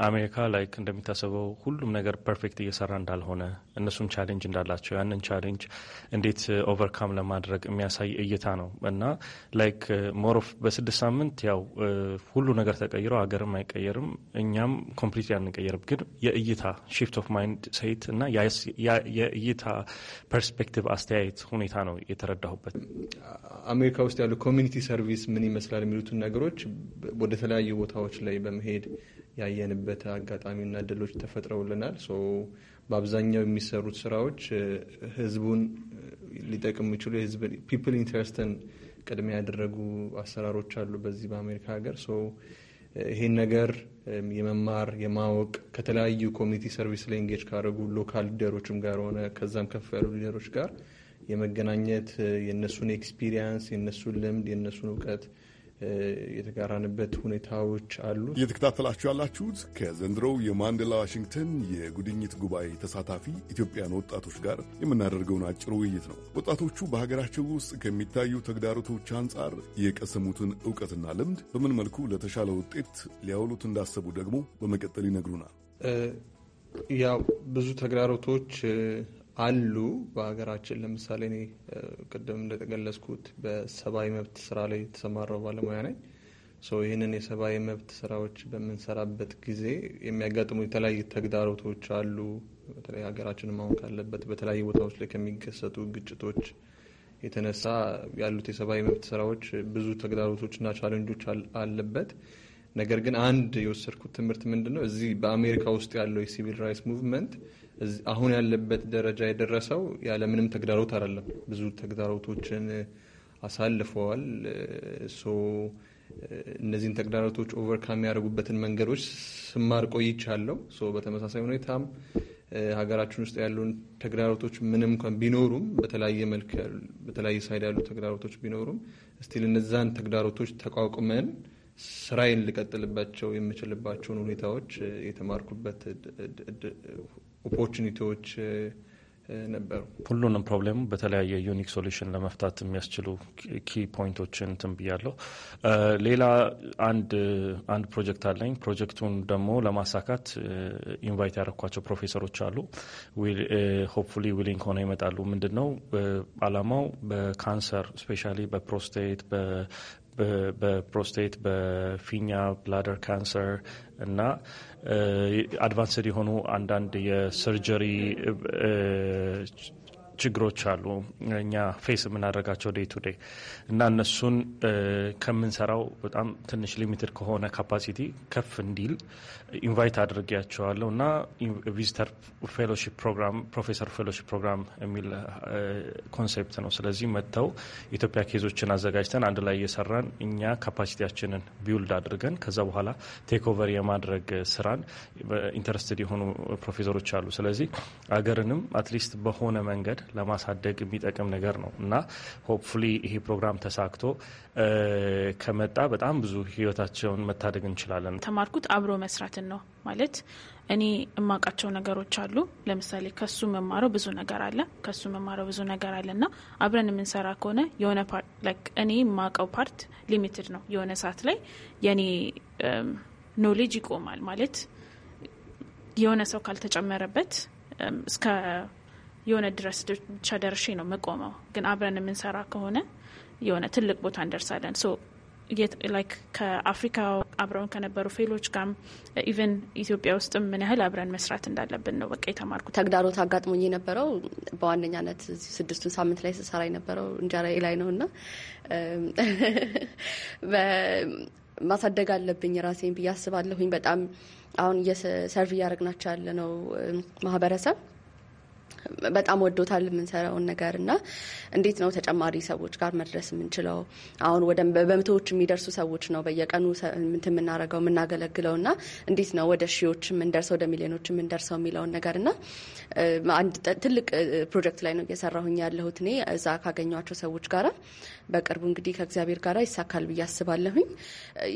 አሜሪካ ላይክ እንደሚታሰበው ሁሉም ነገር ፐርፌክት እየሰራ እንዳልሆነ እነሱም ቻሌንጅ እንዳላቸው ያንን ቻሌንጅ እንዴት ኦቨርካም ለማድረግ የሚያሳይ እይታ ነው እና ላይክ ሞሮፍ በስድስት ሳምንት ያው ሁሉ ነገር ተቀይረው ሀገርም አይቀየርም እኛም ኮምፕሊት አንቀየርም፣ ግን የእይታ ሺፍት ኦፍ ማይንድ ሴት እና እና የእይታ ፐርስፔክቲቭ አስተያየት ሁኔታ ነው የተረዳሁበት። አሜሪካ ውስጥ ያሉ ኮሚኒቲ ሰርቪስ ምን ይመስላል የሚሉትን ነገሮች ወደ ተለያዩ ቦታዎች ላይ በመሄድ ያየንበት አጋጣሚና እድሎች ተፈጥረውልናል። በአብዛኛው የሚሰሩት ስራዎች ህዝቡን ሊጠቅም የሚችሉ ፒፕል ኢንተረስትን ቅድሚያ ያደረጉ አሰራሮች አሉ በዚህ በአሜሪካ ሀገር ይሄን ነገር የመማር የማወቅ ከተለያዩ ኮሚኒቲ ሰርቪስ ላይ እንጌጅ ካደረጉ ሎካል ሊደሮችም ጋር ሆነ ከዛም ከፍ ያሉ ሊደሮች ጋር የመገናኘት የእነሱን ኤክስፒሪየንስ የእነሱን ልምድ የእነሱን እውቀት የተጋራንበት ሁኔታዎች አሉ። እየተከታተላችሁ ያላችሁት ከዘንድሮው የማንዴላ ዋሽንግተን የጉድኝት ጉባኤ ተሳታፊ ኢትዮጵያን ወጣቶች ጋር የምናደርገውን አጭር ውይይት ነው። ወጣቶቹ በሀገራቸው ውስጥ ከሚታዩ ተግዳሮቶች አንጻር የቀሰሙትን እውቀትና ልምድ በምን መልኩ ለተሻለ ውጤት ሊያውሉት እንዳሰቡ ደግሞ በመቀጠል ይነግሩናል። ያው ብዙ ተግዳሮቶች አሉ በሀገራችን ለምሳሌ እኔ ቅድም እንደተገለጽኩት በሰብአዊ መብት ስራ ላይ የተሰማራው ባለሙያ ነኝ። ይህንን የሰብአዊ መብት ስራዎች በምንሰራበት ጊዜ የሚያጋጥሙ የተለያዩ ተግዳሮቶች አሉ። በተለይ ሀገራችንም አሁን ካለበት በተለያዩ ቦታዎች ላይ ከሚከሰቱ ግጭቶች የተነሳ ያሉት የሰብአዊ መብት ስራዎች ብዙ ተግዳሮቶችና ቻለንጆች አለበት። ነገር ግን አንድ የወሰድኩት ትምህርት ምንድን ነው እዚህ በአሜሪካ ውስጥ ያለው የሲቪል ራይትስ ሙቭመንት አሁን ያለበት ደረጃ የደረሰው ያለምንም ተግዳሮት አይደለም። ብዙ ተግዳሮቶችን አሳልፈዋል። ሶ እነዚህን ተግዳሮቶች ኦቨርካም ያደርጉበትን መንገዶች ስማር ቆይቻለሁ። ሶ በተመሳሳይ ሁኔታም ሀገራችን ውስጥ ያሉን ተግዳሮቶች ምንም እንኳን ቢኖሩም በተለያየ መልክ በተለያየ ሳይድ ያሉ ተግዳሮቶች ቢኖሩም እስቲል እነዛን ተግዳሮቶች ተቋቁመን ስራዬን ልቀጥልባቸው የምችልባቸውን ሁኔታዎች የተማርኩበት ኦፖርቹኒቲዎች ነበሩ። uh, uh, ሁሉንም ፕሮብሌሙ በተለያየ ዩኒክ ሶሉሽን ለመፍታት የሚያስችሉ ኪ ፖይንቶችን እንትን ብያለሁ። ሌላ አንድ አንድ ፕሮጀክት አለኝ። ፕሮጀክቱን ደግሞ ለማሳካት ኢንቫይት ያደረኳቸው ፕሮፌሰሮች አሉ። ሆፕፉሊ ዊሊንግ ሆነው ይመጣሉ። ምንድን ነው አላማው? በካንሰር ስፔሻሊ በፕሮስቴት በፕሮስቴት፣ በፊኛ፣ ብላደር ካንሰር እና አድቫንስድ eh, የሆኑ አንዳንድ የሰርጀሪ eh, ችግሮች አሉ እኛ ፌስ የምናደርጋቸው ዴይ ቱ ዴይ እና እነሱን ከምንሰራው በጣም ትንሽ ሊሚትድ ከሆነ ካፓሲቲ ከፍ እንዲል ኢንቫይት አድርጌያቸዋለሁ እና ቪዚተር ፌሎሺፕ ፕሮግራም ፕሮፌሰር ፌሎሺፕ ፕሮግራም የሚል ኮንሴፕት ነው። ስለዚህ መጥተው ኢትዮጵያ ኬዞችን አዘጋጅተን አንድ ላይ እየሰራን እኛ ካፓሲቲያችንን ቢውልድ አድርገን ከዛ በኋላ ቴክ ኦቨር የማድረግ ስራን ኢንተረስትድ የሆኑ ፕሮፌሰሮች አሉ። ስለዚህ አገርንም አትሊስት በሆነ መንገድ ለማሳደግ የሚጠቅም ነገር ነው እና ሆፕፉሊ ይሄ ፕሮግራም ተሳክቶ ከመጣ በጣም ብዙ ህይወታቸውን መታደግ እንችላለን። ተማርኩት አብሮ መስራትን ነው ማለት እኔ እማውቃቸው ነገሮች አሉ። ለምሳሌ ከሱ መማረው ብዙ ነገር አለ፣ ከሱ መማረው ብዙ ነገር አለ እና አብረን የምንሰራ ከሆነ የሆነ እኔ የማውቀው ፓርት ሊሚትድ ነው። የሆነ ሰዓት ላይ የኔ ኖሌጅ ይቆማል ማለት የሆነ ሰው ካልተጨመረበት እስከ የሆነ ድረስ ብቻ ደርሼ ነው የምቆመው። ግን አብረን የምንሰራ ከሆነ የሆነ ትልቅ ቦታ እንደርሳለን። ላይክ ከአፍሪካ አብረውን ከነበሩ ፌሎች ጋር ኢቨን ኢትዮጵያ ውስጥም ምን ያህል አብረን መስራት እንዳለብን ነው በቃ የተማርኩ ተግዳሮት አጋጥሞኝ የነበረው በዋነኛነት ስድስቱን ሳምንት ላይ ስሰራ የነበረው እንጀራ ላይ ነው እና ማሳደግ አለብኝ ራሴን ብዬ አስባለሁኝ። በጣም አሁን ሰርቭ እያደረግናቸው ያለ ነው ማህበረሰብ በጣም ወዶታል የምንሰራውን ነገር እና እንዴት ነው ተጨማሪ ሰዎች ጋር መድረስ የምንችለው? አሁን ወደ በመቶዎች የሚደርሱ ሰዎች ነው በየቀኑ ምንት የምናደርገው የምናገለግለው እና እንዴት ነው ወደ ሺዎች የምንደርሰው ወደ ሚሊዮኖች የምንደርሰው የሚለውን ነገር እና አንድ ትልቅ ፕሮጀክት ላይ ነው እየሰራሁኝ ያለሁት እኔ እዛ ካገኟቸው ሰዎች ጋራ በቅርቡ እንግዲህ ከእግዚአብሔር ጋር ይሳካል ብዬ አስባለሁኝ።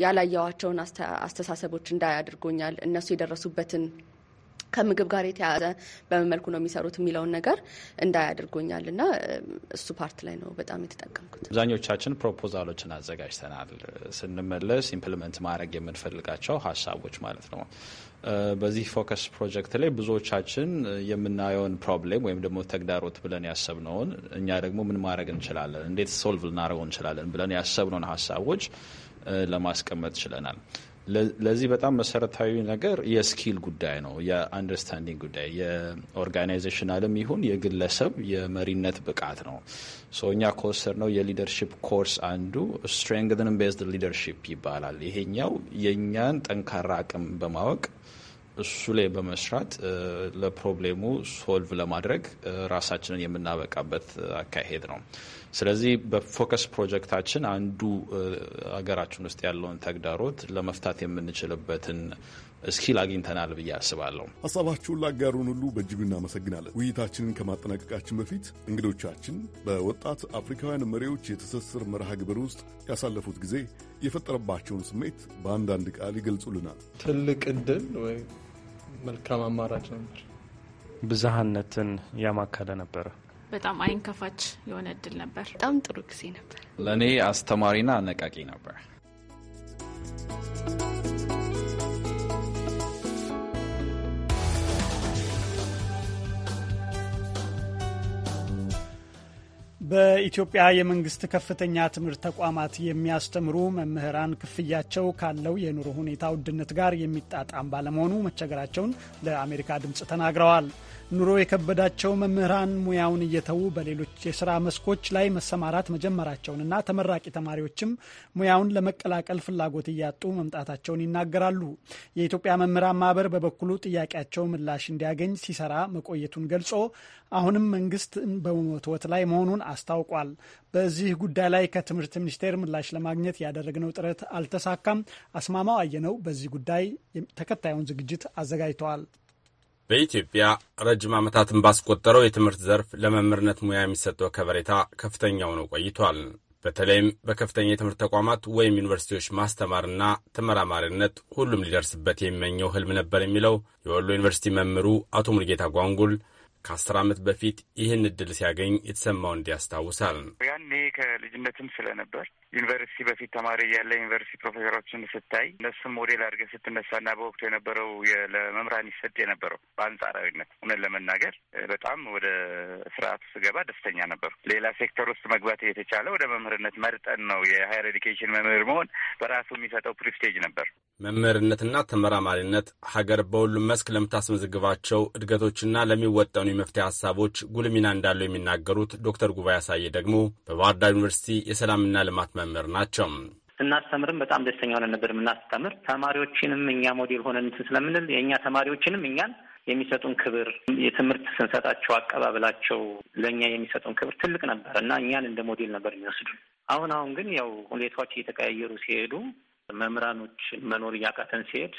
ያላየዋቸውን አስተሳሰቦች እንዳያደርጎኛል እነሱ የደረሱበትን ከምግብ ጋር የተያዘ በመመልኩ ነው የሚሰሩት የሚለውን ነገር እንዳያደርጎኛል እና እሱ ፓርት ላይ ነው በጣም የተጠቀምኩት። አብዛኞቻችን ፕሮፖዛሎችን አዘጋጅተናል። ስንመለስ ኢምፕሊመንት ማድረግ የምንፈልጋቸው ሀሳቦች ማለት ነው። በዚህ ፎከስ ፕሮጀክት ላይ ብዙዎቻችን የምናየውን ፕሮብሌም ወይም ደግሞ ተግዳሮት ብለን ያሰብነውን እኛ ደግሞ ምን ማድረግ እንችላለን፣ እንዴት ሶልቭ ልናደርገው እንችላለን ብለን ያሰብነውን ሀሳቦች ለማስቀመጥ ችለናል። ለዚህ በጣም መሰረታዊ ነገር የስኪል ጉዳይ ነው። የአንደርስታንዲንግ ጉዳይ የኦርጋናይዜሽናልም ይሁን የግለሰብ የመሪነት ብቃት ነው። እኛ ከወሰድ ነው የሊደርሽፕ ኮርስ አንዱ ስትሬንግን ቤዝድ ሊደርሽፕ ይባላል። ይሄኛው የእኛን ጠንካራ አቅም በማወቅ እሱ ላይ በመስራት ለፕሮብሌሙ ሶልቭ ለማድረግ ራሳችንን የምናበቃበት አካሄድ ነው። ስለዚህ በፎከስ ፕሮጀክታችን አንዱ ሀገራችን ውስጥ ያለውን ተግዳሮት ለመፍታት የምንችልበትን እስኪል አግኝተናል ብዬ አስባለሁ። ሀሳባችሁን ላጋሩን ሁሉ በእጅጉ እናመሰግናለን። ውይይታችንን ከማጠናቀቃችን በፊት እንግዶቻችን በወጣት አፍሪካውያን መሪዎች የትስስር መርሃ ግብር ውስጥ ያሳለፉት ጊዜ የፈጠረባቸውን ስሜት በአንዳንድ ቃል ይገልጹልናል። ትልቅ እድል ወይ መልካም አማራጭ ነበር። ብዝሃነትን ያማከለ ነበረ። በጣም አይን ከፋች የሆነ እድል ነበር። በጣም ጥሩ ጊዜ ነበር። ለእኔ አስተማሪና አነቃቂ ነበር። በኢትዮጵያ የመንግስት ከፍተኛ ትምህርት ተቋማት የሚያስተምሩ መምህራን ክፍያቸው ካለው የኑሮ ሁኔታ ውድነት ጋር የሚጣጣም ባለመሆኑ መቸገራቸውን ለአሜሪካ ድምፅ ተናግረዋል። ኑሮ የከበዳቸው መምህራን ሙያውን እየተዉ በሌሎች የስራ መስኮች ላይ መሰማራት መጀመራቸውንና ተመራቂ ተማሪዎችም ሙያውን ለመቀላቀል ፍላጎት እያጡ መምጣታቸውን ይናገራሉ። የኢትዮጵያ መምህራን ማህበር በበኩሉ ጥያቄያቸው ምላሽ እንዲያገኝ ሲሰራ መቆየቱን ገልጾ አሁንም መንግስት በመወትወት ላይ መሆኑን አስታውቋል። በዚህ ጉዳይ ላይ ከትምህርት ሚኒስቴር ምላሽ ለማግኘት ያደረግነው ጥረት አልተሳካም። አስማማው አየነው በዚህ ጉዳይ ተከታዩን ዝግጅት አዘጋጅተዋል። በኢትዮጵያ ረጅም ዓመታትን ባስቆጠረው የትምህርት ዘርፍ ለመምህርነት ሙያ የሚሰጠው ከበሬታ ከፍተኛ ሆኖ ቆይቷል። በተለይም በከፍተኛ የትምህርት ተቋማት ወይም ዩኒቨርሲቲዎች ማስተማርና ተመራማሪነት ሁሉም ሊደርስበት የሚመኘው ህልም ነበር የሚለው የወሎ ዩኒቨርሲቲ መምህሩ አቶ ሙልጌታ ጓንጉል ከአስር ዓመት በፊት ይህን እድል ሲያገኝ የተሰማው እንዲያስታውሳል። ያኔ ከልጅነትም ስለነበር ዩኒቨርሲቲ በፊት ተማሪ እያለ ዩኒቨርሲቲ ፕሮፌሰሮችን ስታይ እነሱም ሞዴል አድርገህ ስትነሳና በወቅቱ የነበረው ለመምህራን ይሰጥ የነበረው በአንጻራዊነት እውነት ለመናገር በጣም ወደ ስርዓቱ ስገባ ደስተኛ ነበሩ። ሌላ ሴክተር ውስጥ መግባት የተቻለ ወደ መምህርነት መርጠን ነው። የሀይር ኤዲኬሽን መምህር መሆን በራሱ የሚሰጠው ፕሪስቴጅ ነበር። መምህርነትና ተመራማሪነት ሀገር በሁሉም መስክ ለምታስመዘግባቸው እድገቶችና ለሚወጣው የአሁኑ የመፍትሄ ሀሳቦች ጉልህ ሚና እንዳለው የሚናገሩት ዶክተር ጉባኤ አሳየ ደግሞ በባህር ዳር ዩኒቨርሲቲ የሰላምና ልማት መምህር ናቸው። ስናስተምርም በጣም ደስተኛ ሆነን ነበር የምናስተምር። ተማሪዎችንም እኛ ሞዴል ሆነን ስለምንል የእኛ ተማሪዎችንም እኛን የሚሰጡን ክብር የትምህርት ስንሰጣቸው አቀባበላቸው ለእኛ የሚሰጡን ክብር ትልቅ ነበር እና እኛን እንደ ሞዴል ነበር የሚወስዱ። አሁን አሁን ግን ያው ሁኔታዎች እየተቀያየሩ ሲሄዱ መምህራኖች መኖር እያቃተን ሲሄድ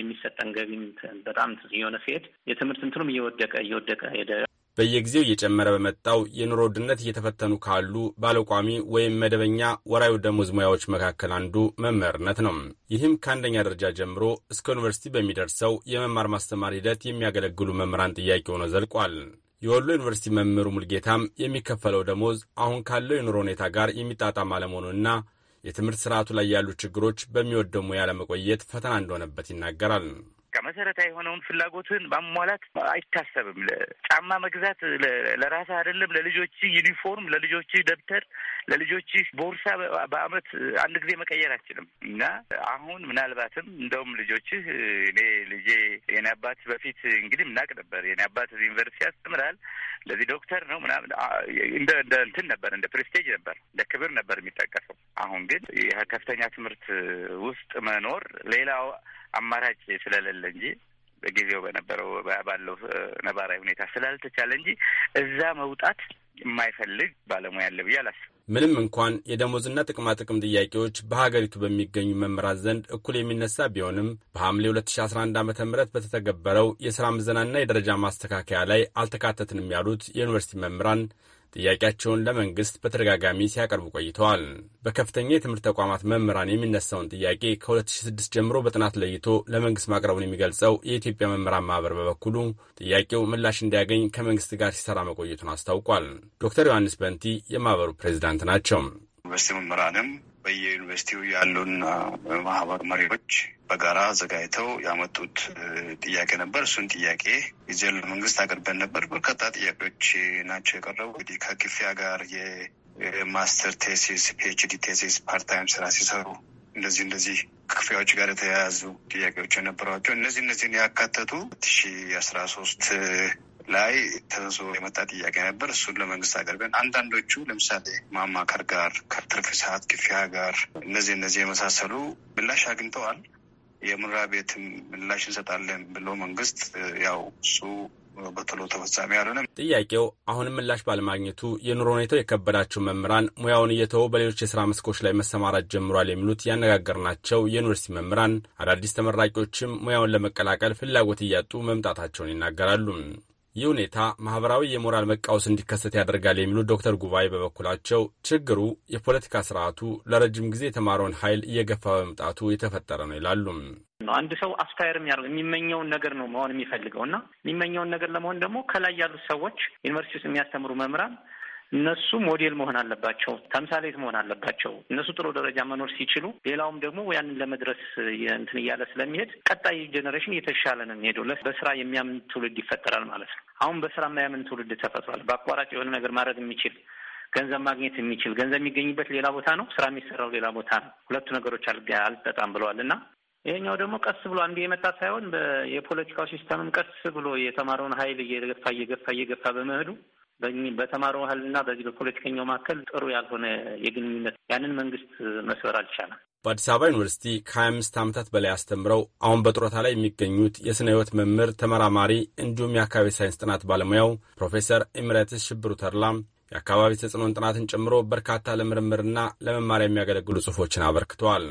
የሚሰጠን ገቢም በጣም የሆነ ሲሄድ የትምህርት እንትኑም እየወደቀ እየወደቀ ሄደ። በየጊዜው እየጨመረ በመጣው የኑሮ ውድነት እየተፈተኑ ካሉ ባለቋሚ ወይም መደበኛ ወራዊ ደሞዝ ሙያዎች መካከል አንዱ መምህርነት ነው። ይህም ከአንደኛ ደረጃ ጀምሮ እስከ ዩኒቨርሲቲ በሚደርሰው የመማር ማስተማር ሂደት የሚያገለግሉ መምህራን ጥያቄ ሆኖ ዘልቋል። የወሎ ዩኒቨርሲቲ መምህሩ ሙልጌታም የሚከፈለው ደሞዝ አሁን ካለው የኑሮ ሁኔታ ጋር የሚጣጣም አለመሆኑና የትምህርት ስርዓቱ ላይ ያሉ ችግሮች በሚወደው ሙያ ለመቆየት ፈተና እንደሆነበት ይናገራል። በቃ መሰረታዊ የሆነውን ፍላጎትን ማሟላት አይታሰብም። ጫማ መግዛት ለራስ አይደለም፣ ለልጆች ዩኒፎርም፣ ለልጆች ደብተር፣ ለልጆች ቦርሳ በአመት አንድ ጊዜ መቀየር አችልም እና አሁን ምናልባትም እንደውም ልጆችህ እኔ ልጄ የኔ አባት በፊት እንግዲህ ምናቅ ነበር የኔ አባት ዩኒቨርሲቲ ያስተምራል ለዚህ ዶክተር ነው ምናምን እንደ እንትን ነበር እንደ ፕሬስቴጅ ነበር እንደ ክብር ነበር የሚጠቀሰው። አሁን ግን ከፍተኛ ትምህርት ውስጥ መኖር ሌላው አማራጭ ስለሌለ እንጂ በጊዜው በነበረው ባለው ነባራዊ ሁኔታ ስላልተቻለ እንጂ እዛ መውጣት የማይፈልግ ባለሙያ አለ ብዬ አላስብም። ምንም እንኳን የደሞዝና ጥቅማጥቅም ጥያቄዎች በሀገሪቱ በሚገኙ መምህራን ዘንድ እኩል የሚነሳ ቢሆንም በሐምሌ 2011 ዓ ም በተተገበረው የሥራ ምዘናና የደረጃ ማስተካከያ ላይ አልተካተትንም ያሉት የዩኒቨርሲቲ መምህራን ጥያቄያቸውን ለመንግስት በተደጋጋሚ ሲያቀርቡ ቆይተዋል። በከፍተኛ የትምህርት ተቋማት መምህራን የሚነሳውን ጥያቄ ከ2006 ጀምሮ በጥናት ለይቶ ለመንግስት ማቅረቡን የሚገልጸው የኢትዮጵያ መምህራን ማህበር በበኩሉ ጥያቄው ምላሽ እንዲያገኝ ከመንግስት ጋር ሲሰራ መቆየቱን አስታውቋል። ዶክተር ዮሐንስ በንቲ የማህበሩ ፕሬዚዳንት ናቸው። ዩኒቨርስቲ መምህራንም በየዩኒቨርሲቲው ያሉን ማህበር መሪዎች በጋራ አዘጋጅተው ያመጡት ጥያቄ ነበር። እሱን ጥያቄ ጊዜ ለመንግስት አቅርበን ነበር። በርካታ ጥያቄዎች ናቸው የቀረቡ እንግዲህ ከክፍያ ጋር የማስተር ቴሲስ፣ ፒኤችዲ ቴሲስ፣ ፓርታይም ስራ ሲሰሩ እንደዚህ እንደዚህ ክፍያዎች ጋር የተያያዙ ጥያቄዎች የነበሯቸው እነዚህ እነዚህን ያካተቱ ሺ አስራ ሶስት ላይ ተንሶ የመጣ ጥያቄ ነበር። እሱን ለመንግስት አቅርበን አንዳንዶቹ ለምሳሌ ማማከር ጋር ከትርፍ ሰዓት ክፍያ ጋር እነዚህ እነዚህ የመሳሰሉ ምላሽ አግኝተዋል። የምራ ቤትም ምላሽ እንሰጣለን ብሎ መንግስት ያው እሱ በቶሎ ተፈጻሚ ያልሆነ ጥያቄው አሁንም ምላሽ ባለማግኘቱ የኑሮ ሁኔታው የከበዳቸው መምህራን ሙያውን እየተው በሌሎች የስራ መስኮች ላይ መሰማራት ጀምሯል የሚሉት ያነጋገርናቸው የዩኒቨርሲቲ መምህራን አዳዲስ ተመራቂዎችም ሙያውን ለመቀላቀል ፍላጎት እያጡ መምጣታቸውን ይናገራሉ። ይህ ሁኔታ ማህበራዊ የሞራል መቃወስ እንዲከሰት ያደርጋል የሚሉት ዶክተር ጉባኤ በበኩላቸው ችግሩ የፖለቲካ ስርዓቱ ለረጅም ጊዜ የተማረውን ኃይል እየገፋ በመምጣቱ የተፈጠረ ነው ይላሉ። አንድ ሰው አስፓየር የሚያደርገው የሚመኘውን ነገር ነው መሆን የሚፈልገው እና የሚመኘውን ነገር ለመሆን ደግሞ ከላይ ያሉት ሰዎች ዩኒቨርሲቲ ውስጥ የሚያስተምሩ መምህራን እነሱ ሞዴል መሆን አለባቸው፣ ተምሳሌት መሆን አለባቸው። እነሱ ጥሩ ደረጃ መኖር ሲችሉ ሌላውም ደግሞ ያንን ለመድረስ እንትን እያለ ስለሚሄድ ቀጣይ ጀኔሬሽን እየተሻለ ነው የሚሄደው። በስራ የሚያምን ትውልድ ይፈጠራል ማለት ነው። አሁን በስራ የማያምን ትውልድ ተፈጥሯል። በአቋራጭ የሆነ ነገር ማድረግ የሚችል ገንዘብ ማግኘት የሚችል ገንዘብ የሚገኝበት ሌላ ቦታ ነው፣ ስራ የሚሰራው ሌላ ቦታ ነው። ሁለቱ ነገሮች አልጠጣም ብለዋል እና ይሄኛው ደግሞ ቀስ ብሎ አንዱ የመጣ ሳይሆን የፖለቲካው ሲስተምም ቀስ ብሎ የተማረውን ኃይል እየገፋ እየገፋ እየገፋ በመሄዱ በተማረው ና በዚህ በፖለቲከኛው መካከል ጥሩ ያልሆነ የግንኙነት ያንን መንግስት መስበር አልቻለም። በአዲስ አበባ ዩኒቨርሲቲ ከሀያ አምስት ዓመታት በላይ አስተምረው አሁን በጡረታ ላይ የሚገኙት የስነ ህይወት መምህር ተመራማሪ እንዲሁም የአካባቢ ሳይንስ ጥናት ባለሙያው ፕሮፌሰር ኢምረትስ ሽብሩ ተርላም የአካባቢ ተጽዕኖን ጥናትን ጨምሮ በርካታ ለምርምርና ለመማሪያ የሚያገለግሉ ጽሁፎችን አበርክተዋል።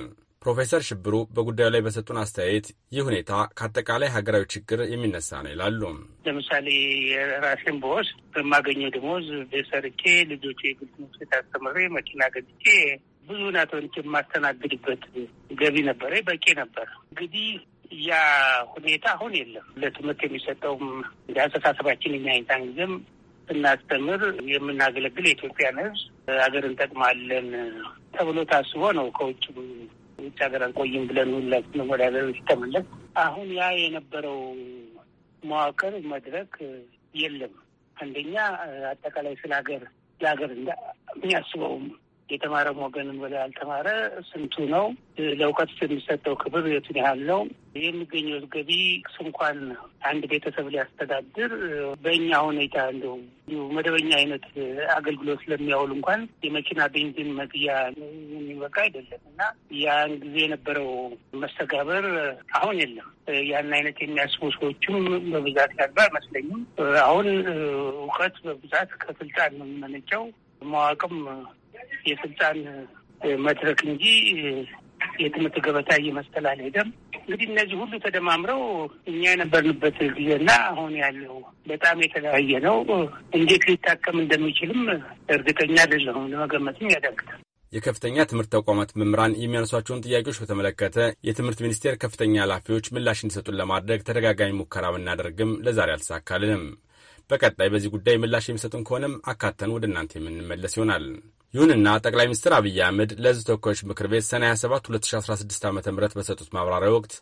ፕሮፌሰር ሽብሩ በጉዳዩ ላይ በሰጡን አስተያየት ይህ ሁኔታ ከአጠቃላይ ሀገራዊ ችግር የሚነሳ ነው ይላሉ። ለምሳሌ የራሴን ቦስ በማገኘው ደሞዝ ቤሰርቼ ልጆቼ የግል ትምህርት ቤት አስተምሬ መኪና ገዝቼ ብዙ ናቶች የማስተናግድበት ገቢ ነበረ፣ በቂ ነበር። እንግዲህ ያ ሁኔታ አሁን የለም። ለትምህርት የሚሰጠውም እንደ አስተሳሰባችን የሚያይታን ጊዜም ስናስተምር የምናገለግል የኢትዮጵያን ሕዝብ ሀገር እንጠቅማለን ተብሎ ታስቦ ነው ከውጭ ውጭ ሀገር አልቆይም ብለን ሁላችን ወደ ሀገር ሲተመለስ አሁን ያ የነበረው መዋቅር መድረክ የለም። አንደኛ አጠቃላይ ስለ ሀገር ለሀገር የሚያስበውም የተማረም ወገንን በላይ ያልተማረ ስንቱ ነው? ለእውቀት የሚሰጠው ክብር የቱን ያህል ነው? የሚገኘው ገቢ እንኳን አንድ ቤተሰብ ሊያስተዳድር በእኛ ሁኔታ እንደው መደበኛ አይነት አገልግሎት ስለሚያውል እንኳን የመኪና ቤንዚን መግያ የሚበቃ አይደለም እና ያን ጊዜ የነበረው መስተጋበር አሁን የለም። ያን አይነት የሚያስቡ ሰዎችም በብዛት ያሉ አይመስለኝም። አሁን እውቀት በብዛት ከስልጣን ነው የሚመነጨው። ማወቅም የስልጣን መድረክ እንጂ የትምህርት ገበታ እየመሰለ አልሄደም። እንግዲህ እነዚህ ሁሉ ተደማምረው እኛ የነበርንበት ጊዜና አሁን ያለው በጣም የተለያየ ነው። እንዴት ሊታከም እንደሚችልም እርግጠኛ አይደለሁም፣ ለመገመትም ያዳግታል። የከፍተኛ ትምህርት ተቋማት መምህራን የሚያነሷቸውን ጥያቄዎች በተመለከተ የትምህርት ሚኒስቴር ከፍተኛ ኃላፊዎች ምላሽ እንዲሰጡን ለማድረግ ተደጋጋሚ ሙከራ ብናደርግም ለዛሬ አልተሳካልንም። በቀጣይ በዚህ ጉዳይ ምላሽ የሚሰጡን ከሆነም አካተን ወደ እናንተ የምንመለስ ይሆናል። ይሁንና ጠቅላይ ሚኒስትር አብይ አህመድ ለሕዝብ ተወካዮች ምክር ቤት ሰኔ 27 2016 ዓ ም በሰጡት ማብራሪያ ወቅት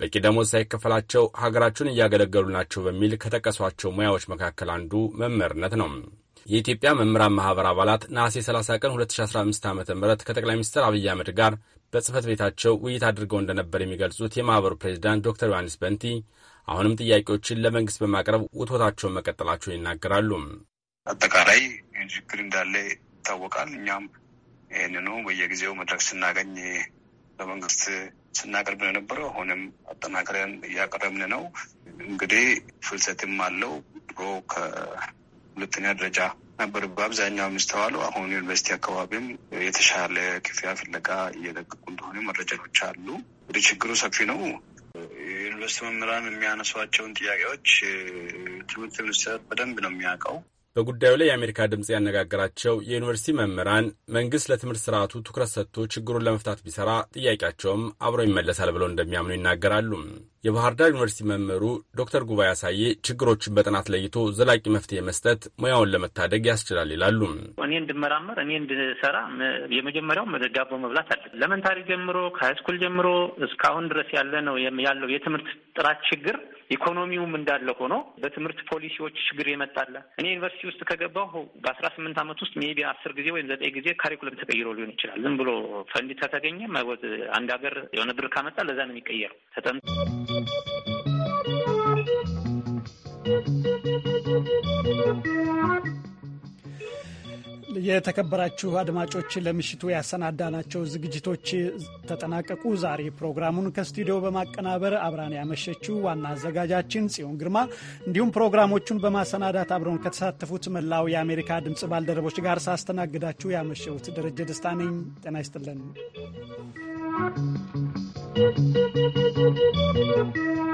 በቂ ደሞዝ ሳይከፈላቸው ሀገራቸውን እያገለገሉ ናቸው በሚል ከጠቀሷቸው ሙያዎች መካከል አንዱ መምህርነት ነው። የኢትዮጵያ መምህራን ማህበር አባላት ነሐሴ 30 ቀን 2015 ዓ ም ከጠቅላይ ሚኒስትር አብይ አህመድ ጋር በጽህፈት ቤታቸው ውይይት አድርገው እንደነበር የሚገልጹት የማኅበሩ ፕሬዚዳንት ዶክተር ዮሐንስ በንቲ አሁንም ጥያቄዎችን ለመንግስት በማቅረብ ውትወታቸውን መቀጠላቸውን ይናገራሉ። አጠቃላይ ችግር እንዳለ ይታወቃል። እኛም ይህንኑ በየጊዜው መድረክ ስናገኝ በመንግስት ስናቀርብ ነው የነበረው። አሁንም አጠናክረን እያቀረብን ነው። እንግዲህ ፍልሰትም አለው። ድሮ ከሁለተኛ ደረጃ ነበር በአብዛኛው የሚስተዋሉ። አሁን ዩኒቨርሲቲ አካባቢም የተሻለ ክፍያ ፍለጋ እየለቀቁ እንደሆነ መረጃዎች አሉ። እንግዲህ ችግሩ ሰፊ ነው። የዩኒቨርስቲ መምህራን የሚያነሷቸውን ጥያቄዎች ትምህርት ሚኒስቴር በደንብ ነው የሚያውቀው። በጉዳዩ ላይ የአሜሪካ ድምፅ ያነጋገራቸው የዩኒቨርሲቲ መምህራን መንግሥት ለትምህርት ስርዓቱ ትኩረት ሰጥቶ ችግሩን ለመፍታት ቢሰራ ጥያቄያቸውም አብሮ ይመለሳል ብለው እንደሚያምኑ ይናገራሉ። የባህር ዳር ዩኒቨርሲቲ መምህሩ ዶክተር ጉባኤ አሳዬ ችግሮችን በጥናት ለይቶ ዘላቂ መፍትሄ መስጠት ሙያውን ለመታደግ ያስችላል ይላሉ። እኔ እንድመራመር፣ እኔ እንድሰራ የመጀመሪያው ዳቦ መብላት አለ። ለመንታሪ ጀምሮ ከሃይስኩል ጀምሮ እስካሁን ድረስ ያለ ነው ያለው የትምህርት ጥራት ችግር ኢኮኖሚውም እንዳለ ሆኖ በትምህርት ፖሊሲዎች ችግር የመጣለ እኔ ዩኒቨርሲቲ ውስጥ ከገባሁ በአስራ ስምንት ዓመት ውስጥ ሜቢ አስር ጊዜ ወይም ዘጠኝ ጊዜ ካሪኩለም ተቀይሮ ሊሆን ይችላል። ዝም ብሎ ፈንድ ከተገኘ አንድ ሀገር የሆነ ብር ካመጣ ለዛ ነው የሚቀየረው ተጠምቶ Thank you. የተከበራችሁ አድማጮች ለምሽቱ ያሰናዳናቸው ዝግጅቶች ተጠናቀቁ። ዛሬ ፕሮግራሙን ከስቱዲዮ በማቀናበር አብራን ያመሸችው ዋና አዘጋጃችን ጽዮን ግርማ፣ እንዲሁም ፕሮግራሞቹን በማሰናዳት አብረውን ከተሳተፉት መላው የአሜሪካ ድምፅ ባልደረቦች ጋር ሳስተናግዳችሁ ያመሸሁት ደረጀ ደስታ ነኝ። ጤና ይስጥልን።